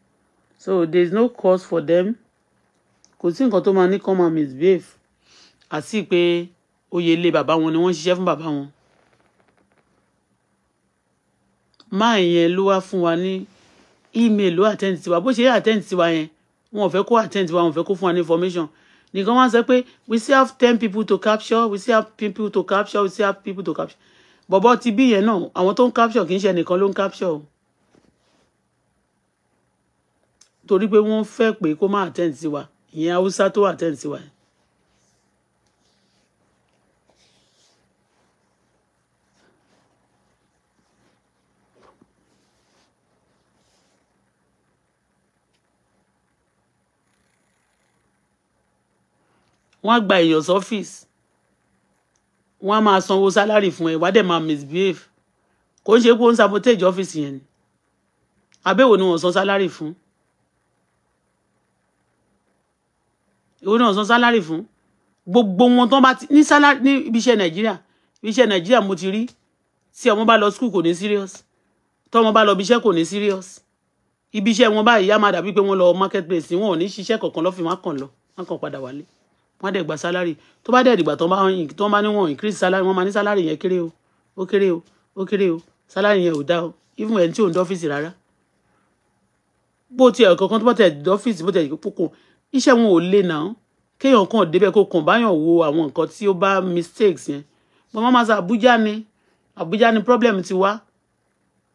So there is no cause for them. Kò sí nǹkan tó máa ní kán máa misbehave. Àti pé oyè ilé bàbá wọn ni wọ́n ń ṣiṣẹ́ fún bàbá wọn. Máa yẹn ló wá fún wa ní ímeèlì ó àtẹ́ǹtì tiwa. Bó ṣe é àtẹ́ǹtì tiwa yẹn, wọn ò fẹ́ kó àtẹ́ǹtì tiwa, wọn ò fẹ́ information nìkan wọ́n sọ pé we still have ten people to capture we still have people to capture we still have people to capture bọ̀bọ̀ ti bí yẹn náà àwọn tó ń capture kì í ṣe ẹnìkan ló ń capture o torí pé wọ́n fẹ́ pé kó má attend sí wa ìyẹn haúsá tó attend sí wa yẹn wọ́n á gba èèyàn sọ́fíìsì wọ́n á máa sanwó sálárì fún ẹ wàá dẹ̀ máa misbehave kò ń ṣe pé ó ń sabotage ọ́fíìsì yẹn ni abẹ́wò ni wọ́n san sálárì fún ìwọ ni wọ́n san sálárì fún gbogbo wọn tó bá ti ní sálárì ní ibiṣẹ́ nàìjíríà ibiṣẹ́ nàìjíríà mo ti rí tí ọmọ bá lọ school kò ní serious tọmọ bá lọ ibiṣẹ́ kò ní serious ibiṣẹ́ wọn báyìí á máa dàbí pé wọ́n lọ market place ni wọn ò ní ṣiṣẹ́ kankan lọ́fìn wọn á kàn lọ wọn á kàn padà wálé wọ́n dẹ̀ gba sálárì tó bá dẹ̀ dìgbà tó bá tó bá ní wọ́n increase sálárì wọ́n máa ní sálárì yẹn kéré o ó kéré o ó kéré o sálárì yẹn ò dá o even ẹni tí ò ń dọ́fíìsì rárá bó tiẹ̀ kankan tó bá tẹ̀ dọ́fíìsì bó tẹ̀ kókò iṣẹ́ wọn ò le náà kéèyàn kàn débẹ̀ kó kàn báyàn wo àwọn nǹkan tí ó bá mistakes yẹn mo máa máa sọ Àbújá ni Àbújá ni problem ti wá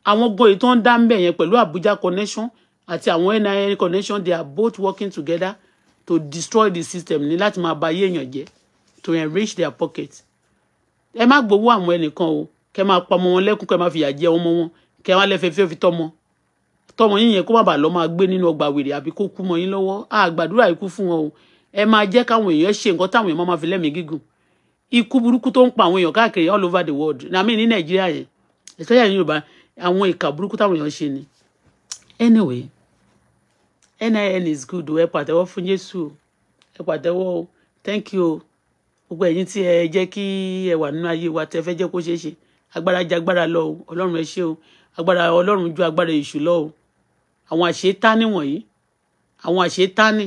àwọn goyè tó ń dá ń bẹ̀ yẹn pẹ̀lú Àbújá connection àti àwọn NIN connection they are both working together to destroy the system ní láti máa ba ayé èèyàn to enrich their pocket ẹ má gbowó àwọn ẹnìkan o kẹ máa pa ọmọ wọn lẹ́kùn kẹ máa fìyà jẹ ọmọ wọn kẹ wá lẹ́fẹ̀ẹ́ fẹ́ fi tọmọ tọmọ yín yẹn kó má bàa lọ máa gbé nínú ọgbà wèrè àbí kó kú mọ́ yín lọ́wọ́ a gbàdúrà ikú fún wọn o ẹ máa jẹ́ káwọn èèyàn ṣe nǹkan táwọn èèyàn máa fi lẹ́mìí gígùn ikú burúkú tó ń pa àwọn èèyàn káàkiri all over the world nàmí ní nàìjíríà yẹn especially ní yorùbá àwọn ìkà burúkú táwọn èèyàn ṣe ni anyway NIN is good ẹ pàtẹ́wọ́ fún Jésù ẹ pàtẹ́wọ́ o thank you o gbogbo ẹ̀yin tí ẹ jẹ́ kí ẹ wà nínú ayé wa tẹ́ fẹ́ jẹ́ kó ṣeé ṣe agbára jagbára lọ o Ọlọ́run ẹ ṣé o agbára Ọlọ́run ju agbára èṣù lọ o àwọn àṣetánì wọ̀nyí àwọn àṣetánì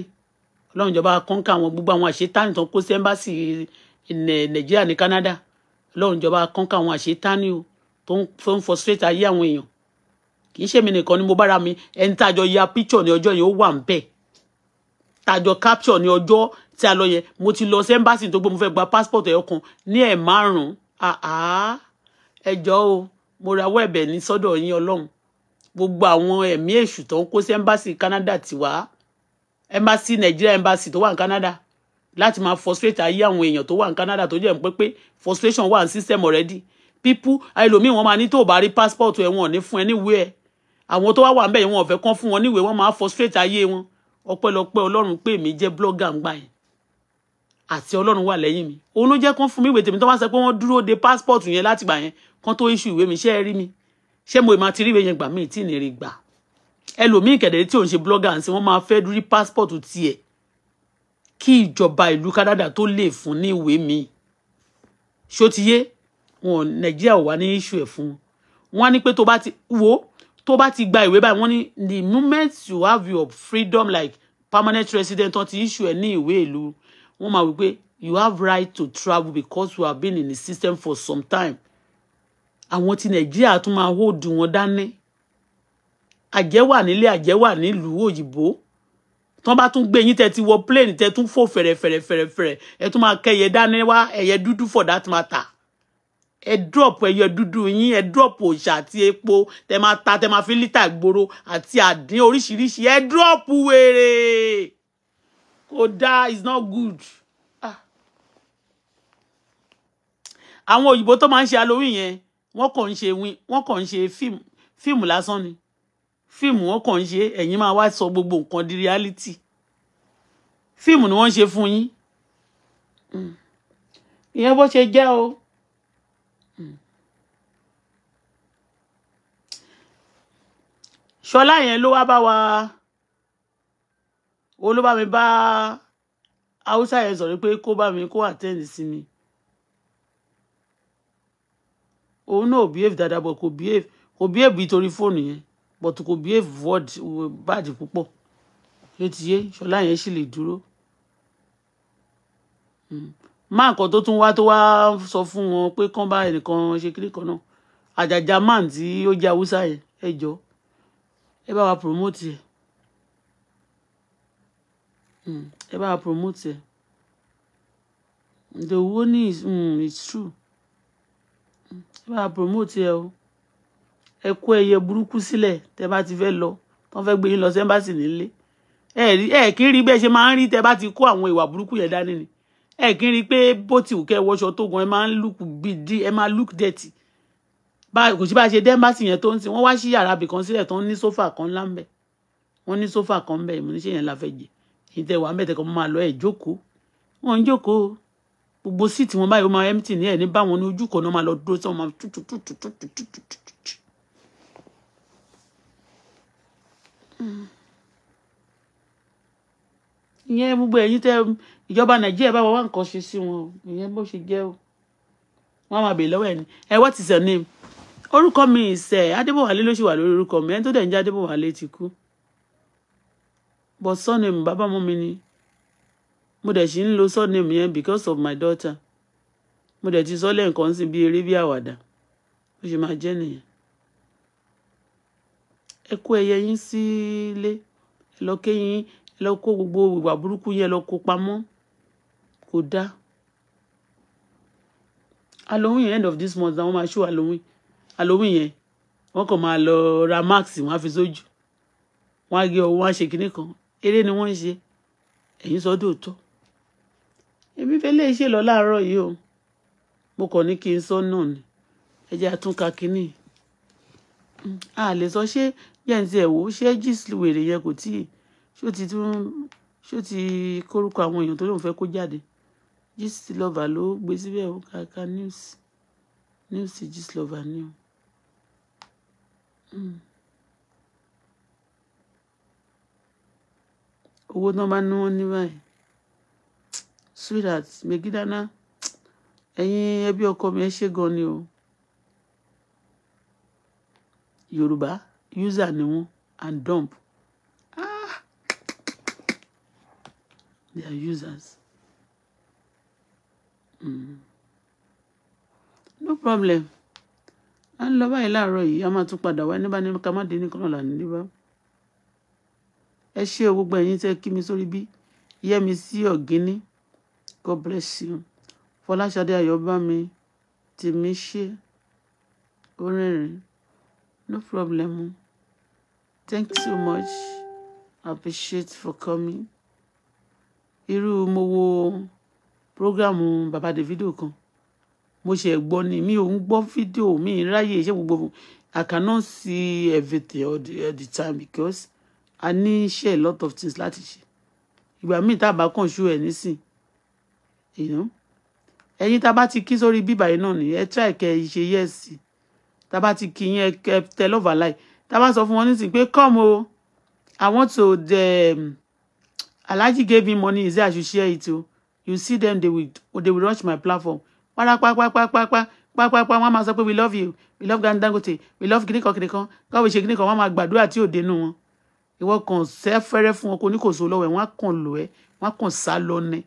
Ọlọ́run ìjọba kọ́ńkà àwọn gbogbo àwọn àṣetánì tó kó sí ẹ́mbáàsì Nàìjíríà ní Canada Ọlọ́run ìjọba kọ́ńkà àwọn àṣetánì o tó ń frustrate ayé àwọn èèyàn kì í ṣèmi nìkan ni mo bára mi ẹni tájọ ya picture ní ọjọ́ yẹn ó wà ń bẹ̀ tájọ capture ní ọjọ́ tí a lọ yẹn mo ti lọ sí embassy tó gbé mo fẹ́ gba passport ẹ̀ ọkàn ní ẹ̀ márùn-ún ẹjọ́ o mo rawọ́ ẹ̀bẹ̀ ní sọ́dọ̀ yín ọlọ́run gbogbo àwọn ẹ̀mí èṣù tó ń kó sí embassy Canada tiwa embassy Nigeria embassy tó wà ní Canada láti máa frustrate ayé àwọn èèyàn tó wà ní Canada tó jẹ́ ń pẹ́ frustration wà ní system already people ẹlòmíì wọn máa ní tó o bá rí passport ẹ̀ wọn ò ní fún ẹ níwèé ẹ̀ àwọn tó wá wà ńbẹ̀ yẹn wọn ò fẹ́ kán fún wọn níwèé wọn máa frustrate ayé wọn ọpẹ́lọpẹ́ ọlọ́run pé mi jẹ́ blogger ń gbà yẹn àti ọlọ́run wà lẹ́yìn mi òun ló jẹ́ kán fún mi ìwé tèmi tó wá sọ pé wọ́n dúró de passport yẹn láti gbà yẹn kán tó issue ìwé mi ṣé ẹ rí mi ṣé mo ìmọ̀ àti rí ìwé yẹn gbà mí tí ì ní rí gbà ẹlòmíì kẹ̀dẹ̀ tí òun ṣe blogger àti wọ́n máa fẹ́ rí passport tiẹ̀ kí ìjọba ìlú Canada tó lè fún ní ìwé mi ṣó ti yé wọn Nàìjíríà ò wá ní issue ẹ̀ fún wọn wọn á ní pé tó bá ti wo tó bá ti gba ìwé báyìí wọ́n ní the moment you have your freedom like permanent resident tó ti issue ẹ̀ ní ìwé ìlú wọ́n máa wí pé you have right to travel because you have been in the system for some time àwọn ti nàìjíríà tún máa hold wọn dání àjẹ́ wà nílé àjẹ́ wà nílùú òyìnbó tán bá tún gbé yín tẹ́ ti wọ plane tẹ́ tún fò fẹ̀rẹ̀fẹ̀rẹ̀fẹ̀rẹ̀ ẹ tún máa kẹ́yẹ dání wá ẹyẹ dúdú for that matter ẹ drop ẹyọ dúdú yín ẹ drop òòṣà àti epo tẹ máa ta tẹ máa fi lítà gbòòrò àti àdín oríṣiríṣi ẹ drop wèrè kò dáa it's not good. Ah. àwọn òyìnbó tó máa ń ṣe halloween yẹn wọn kàn ń ṣe wọn kàn ń ṣe fíìmù fíìmù lásán ni fíìmù wọn kàn ń ṣe ẹ̀yin máa wá sọ gbogbo nǹkan di reality fíìmù ni wọ́n ń ṣe fún yín hmm. ìyẹn bó ṣe jẹ́ o. ṣọlá yẹn ló wá bá wa ó ló bá mi bá haúsá yẹn sọ̀rọ̀ pé kó bá mi kó àtẹ́ǹdì sí mi òun náà behave dáadáa but kò behave kò behave nítorí fóònù yẹn but kò behave word bad púpọ̀ ṣé ti ṣọlá yẹn sì lè dúró hmm. má nǹkan tó tún wá tó wá sọ fún wọn pé kán bá ẹnìkan ṣe kíríkan náà àjàjà man tí ó jẹ́ haúsá yẹn ẹ jọ̀ọ́ ẹ bá wa promote ẹ hmm, ẹ bá wa promote ẹ the warning is um, it's true ẹ bá wa promote ẹ o ẹ kó ẹyẹ burúkú sílẹ̀ tẹ bá ti fẹ́ lọ tán fẹ́ gbé yín lọ sẹ́ńbàsì nílé ẹ ẹ kí n rí bẹ́ẹ̀ ṣe máa ń rí tẹ bá ti kó àwọn ìwà burúkú yẹn dání ni ẹ kí rí pé bó ti wù kẹ́ wọṣọ tó gan ẹ máa ń look bíi ẹ máa look dirty bá kò sí bá ṣe dẹ́mbàsì yẹn tó ń sìn wọ́n wá sí yàrá bìkan sílẹ̀ tó ń ní sófà kan ńlá ńbẹ̀ wọ́n ní sófà kan ńbẹ̀ ìmúníṣẹ́ yẹn la fẹ́ jẹ èyí tẹ́ wà ń bẹ̀tẹ̀ kan máa lọ ẹ̀ jókòó wọ́n ń jókòó gbogbo síìtì wọn báyìí ó máa empty ní ẹ̀ ní báwọn ní ojú kan náà máa lọ dúró sí wọn máa tútù tútù tútù tútù tútù. ìyẹn gbogbo ẹ̀yin tẹ́ ìjọba nàìjíríà bá wọn wá nǹkan ṣe sí wọn ìyẹn bó ṣe jẹ́ o wọ́n máa bèè lọ́wọ́ ẹ̀ ní ẹ what is your name orúkọ mi ìṣe eh, adébọ̀wálé ló sì wà lórí orúkọ mi ẹni tó dẹ̀ ń jẹ́ adébọ̀wálé ti kú but surname bàbá mú mi ni mo dẹ̀ sì ń lo surname yẹn because of my daughter mo dẹ̀ ti sọ lẹ́ẹ̀kan sí bí eré bí àwàdà ó ṣe máa jẹ́ nìyẹn ẹ kó ẹyẹ yín sílé ẹ lọ kéyìn ẹ lọ kó gbogbo ìwà burúkú yẹn lọ kó pamọ́ kò dáa halloween end of this month àwọn máa ṣó halloween halloween yẹn wọ́n kàn máa lọ ra max wọ́n á fi sójú wọ́n á gé ọwọ́ wọ́n á ṣe kinní kan eré ni wọ́n ń ṣe ẹ̀yin sọ dòótọ́ èmi fẹ́ lè ṣe lọ láàárọ̀ yìí o mo kàn ní kí n sọ náà ni ẹ jẹ́ àtúnka kinní a lè sọ ṣé yẹnsi ẹ wò ṣé jísìlì wèrè yẹn kò tíì ṣó ti tún ṣó ti kórúkọ àwọn èèyàn tó lóun fẹ́ kó jáde jísìlì lọvà ló gbé síbẹ̀ ó kàkà news news jísìlì lọvà ni o. Mm. owó tí wọ́n bá ní ní báyìí sweetheart megidana ẹ̀yin ẹbí ọkọ mi ẹ ṣe gan ni o yorùbá user ni wọ́n and dump ah they are users mm. no problem à ń lọ báyìí láàárọ̀ yìí a máa tún padà wá níbà ní ká má dín nìkan là ní níbà ẹ ṣé o gbogbo ẹ̀yin tẹ́ kí mi sórí bí yẹmi sí ọ̀gíní god bless you fọláṣadé ayọ̀bámi tèmi ṣe ó rẹ́rìn no problem thank you so much i appreciate for coming irú mo wo programu baba davido kan mo ṣe gbọ́ ni mi ò ń gbọ́ fídíò mi ráyè ṣé gbogbo I cannot see everything all the, all the time because I need share a lot of things láti ṣe ìgbà míì tá a bá kàn ṣú ẹ nísìn ẹ̀yin tá a bá ti kí sórí bíbà yìí náà nìyẹn ẹ try kẹ ṣe yẹsì tá a bá ti kí yẹn ẹ tẹ lọ́ọ̀fà láì tá a bá sọ fún wọn nísìn pé come o I want to the um, Alhaji gave me money Is say I should share it o you see them they will they will rush my platform párápápápápápá pápápá wọn máa sọ pé we love you we love Gani Dangote we love kìnìkan kìnìkan káwé ṣe kìnìkan wọn máa gbàdúrà tí ò dénú wọn ìwọ kàn sẹ fẹrẹ fún wọn kó oníkòso lọ́wọ́ ẹ wọn kàn lò ẹ wọn kàn sá lọ ní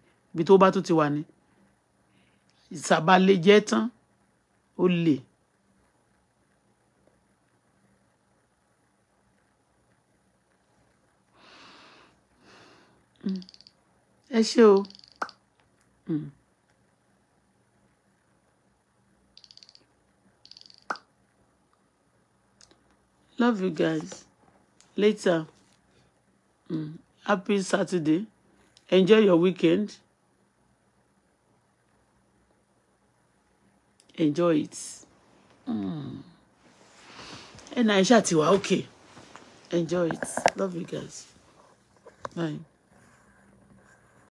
ibi mm. o. Mm. Love you guys. Later. Mm. Happy Saturday. Enjoy your weekend. Enjoy it. And mm. Ẹnà ìṣàtiwá okay. Enjoy it. Love you guys. Bye.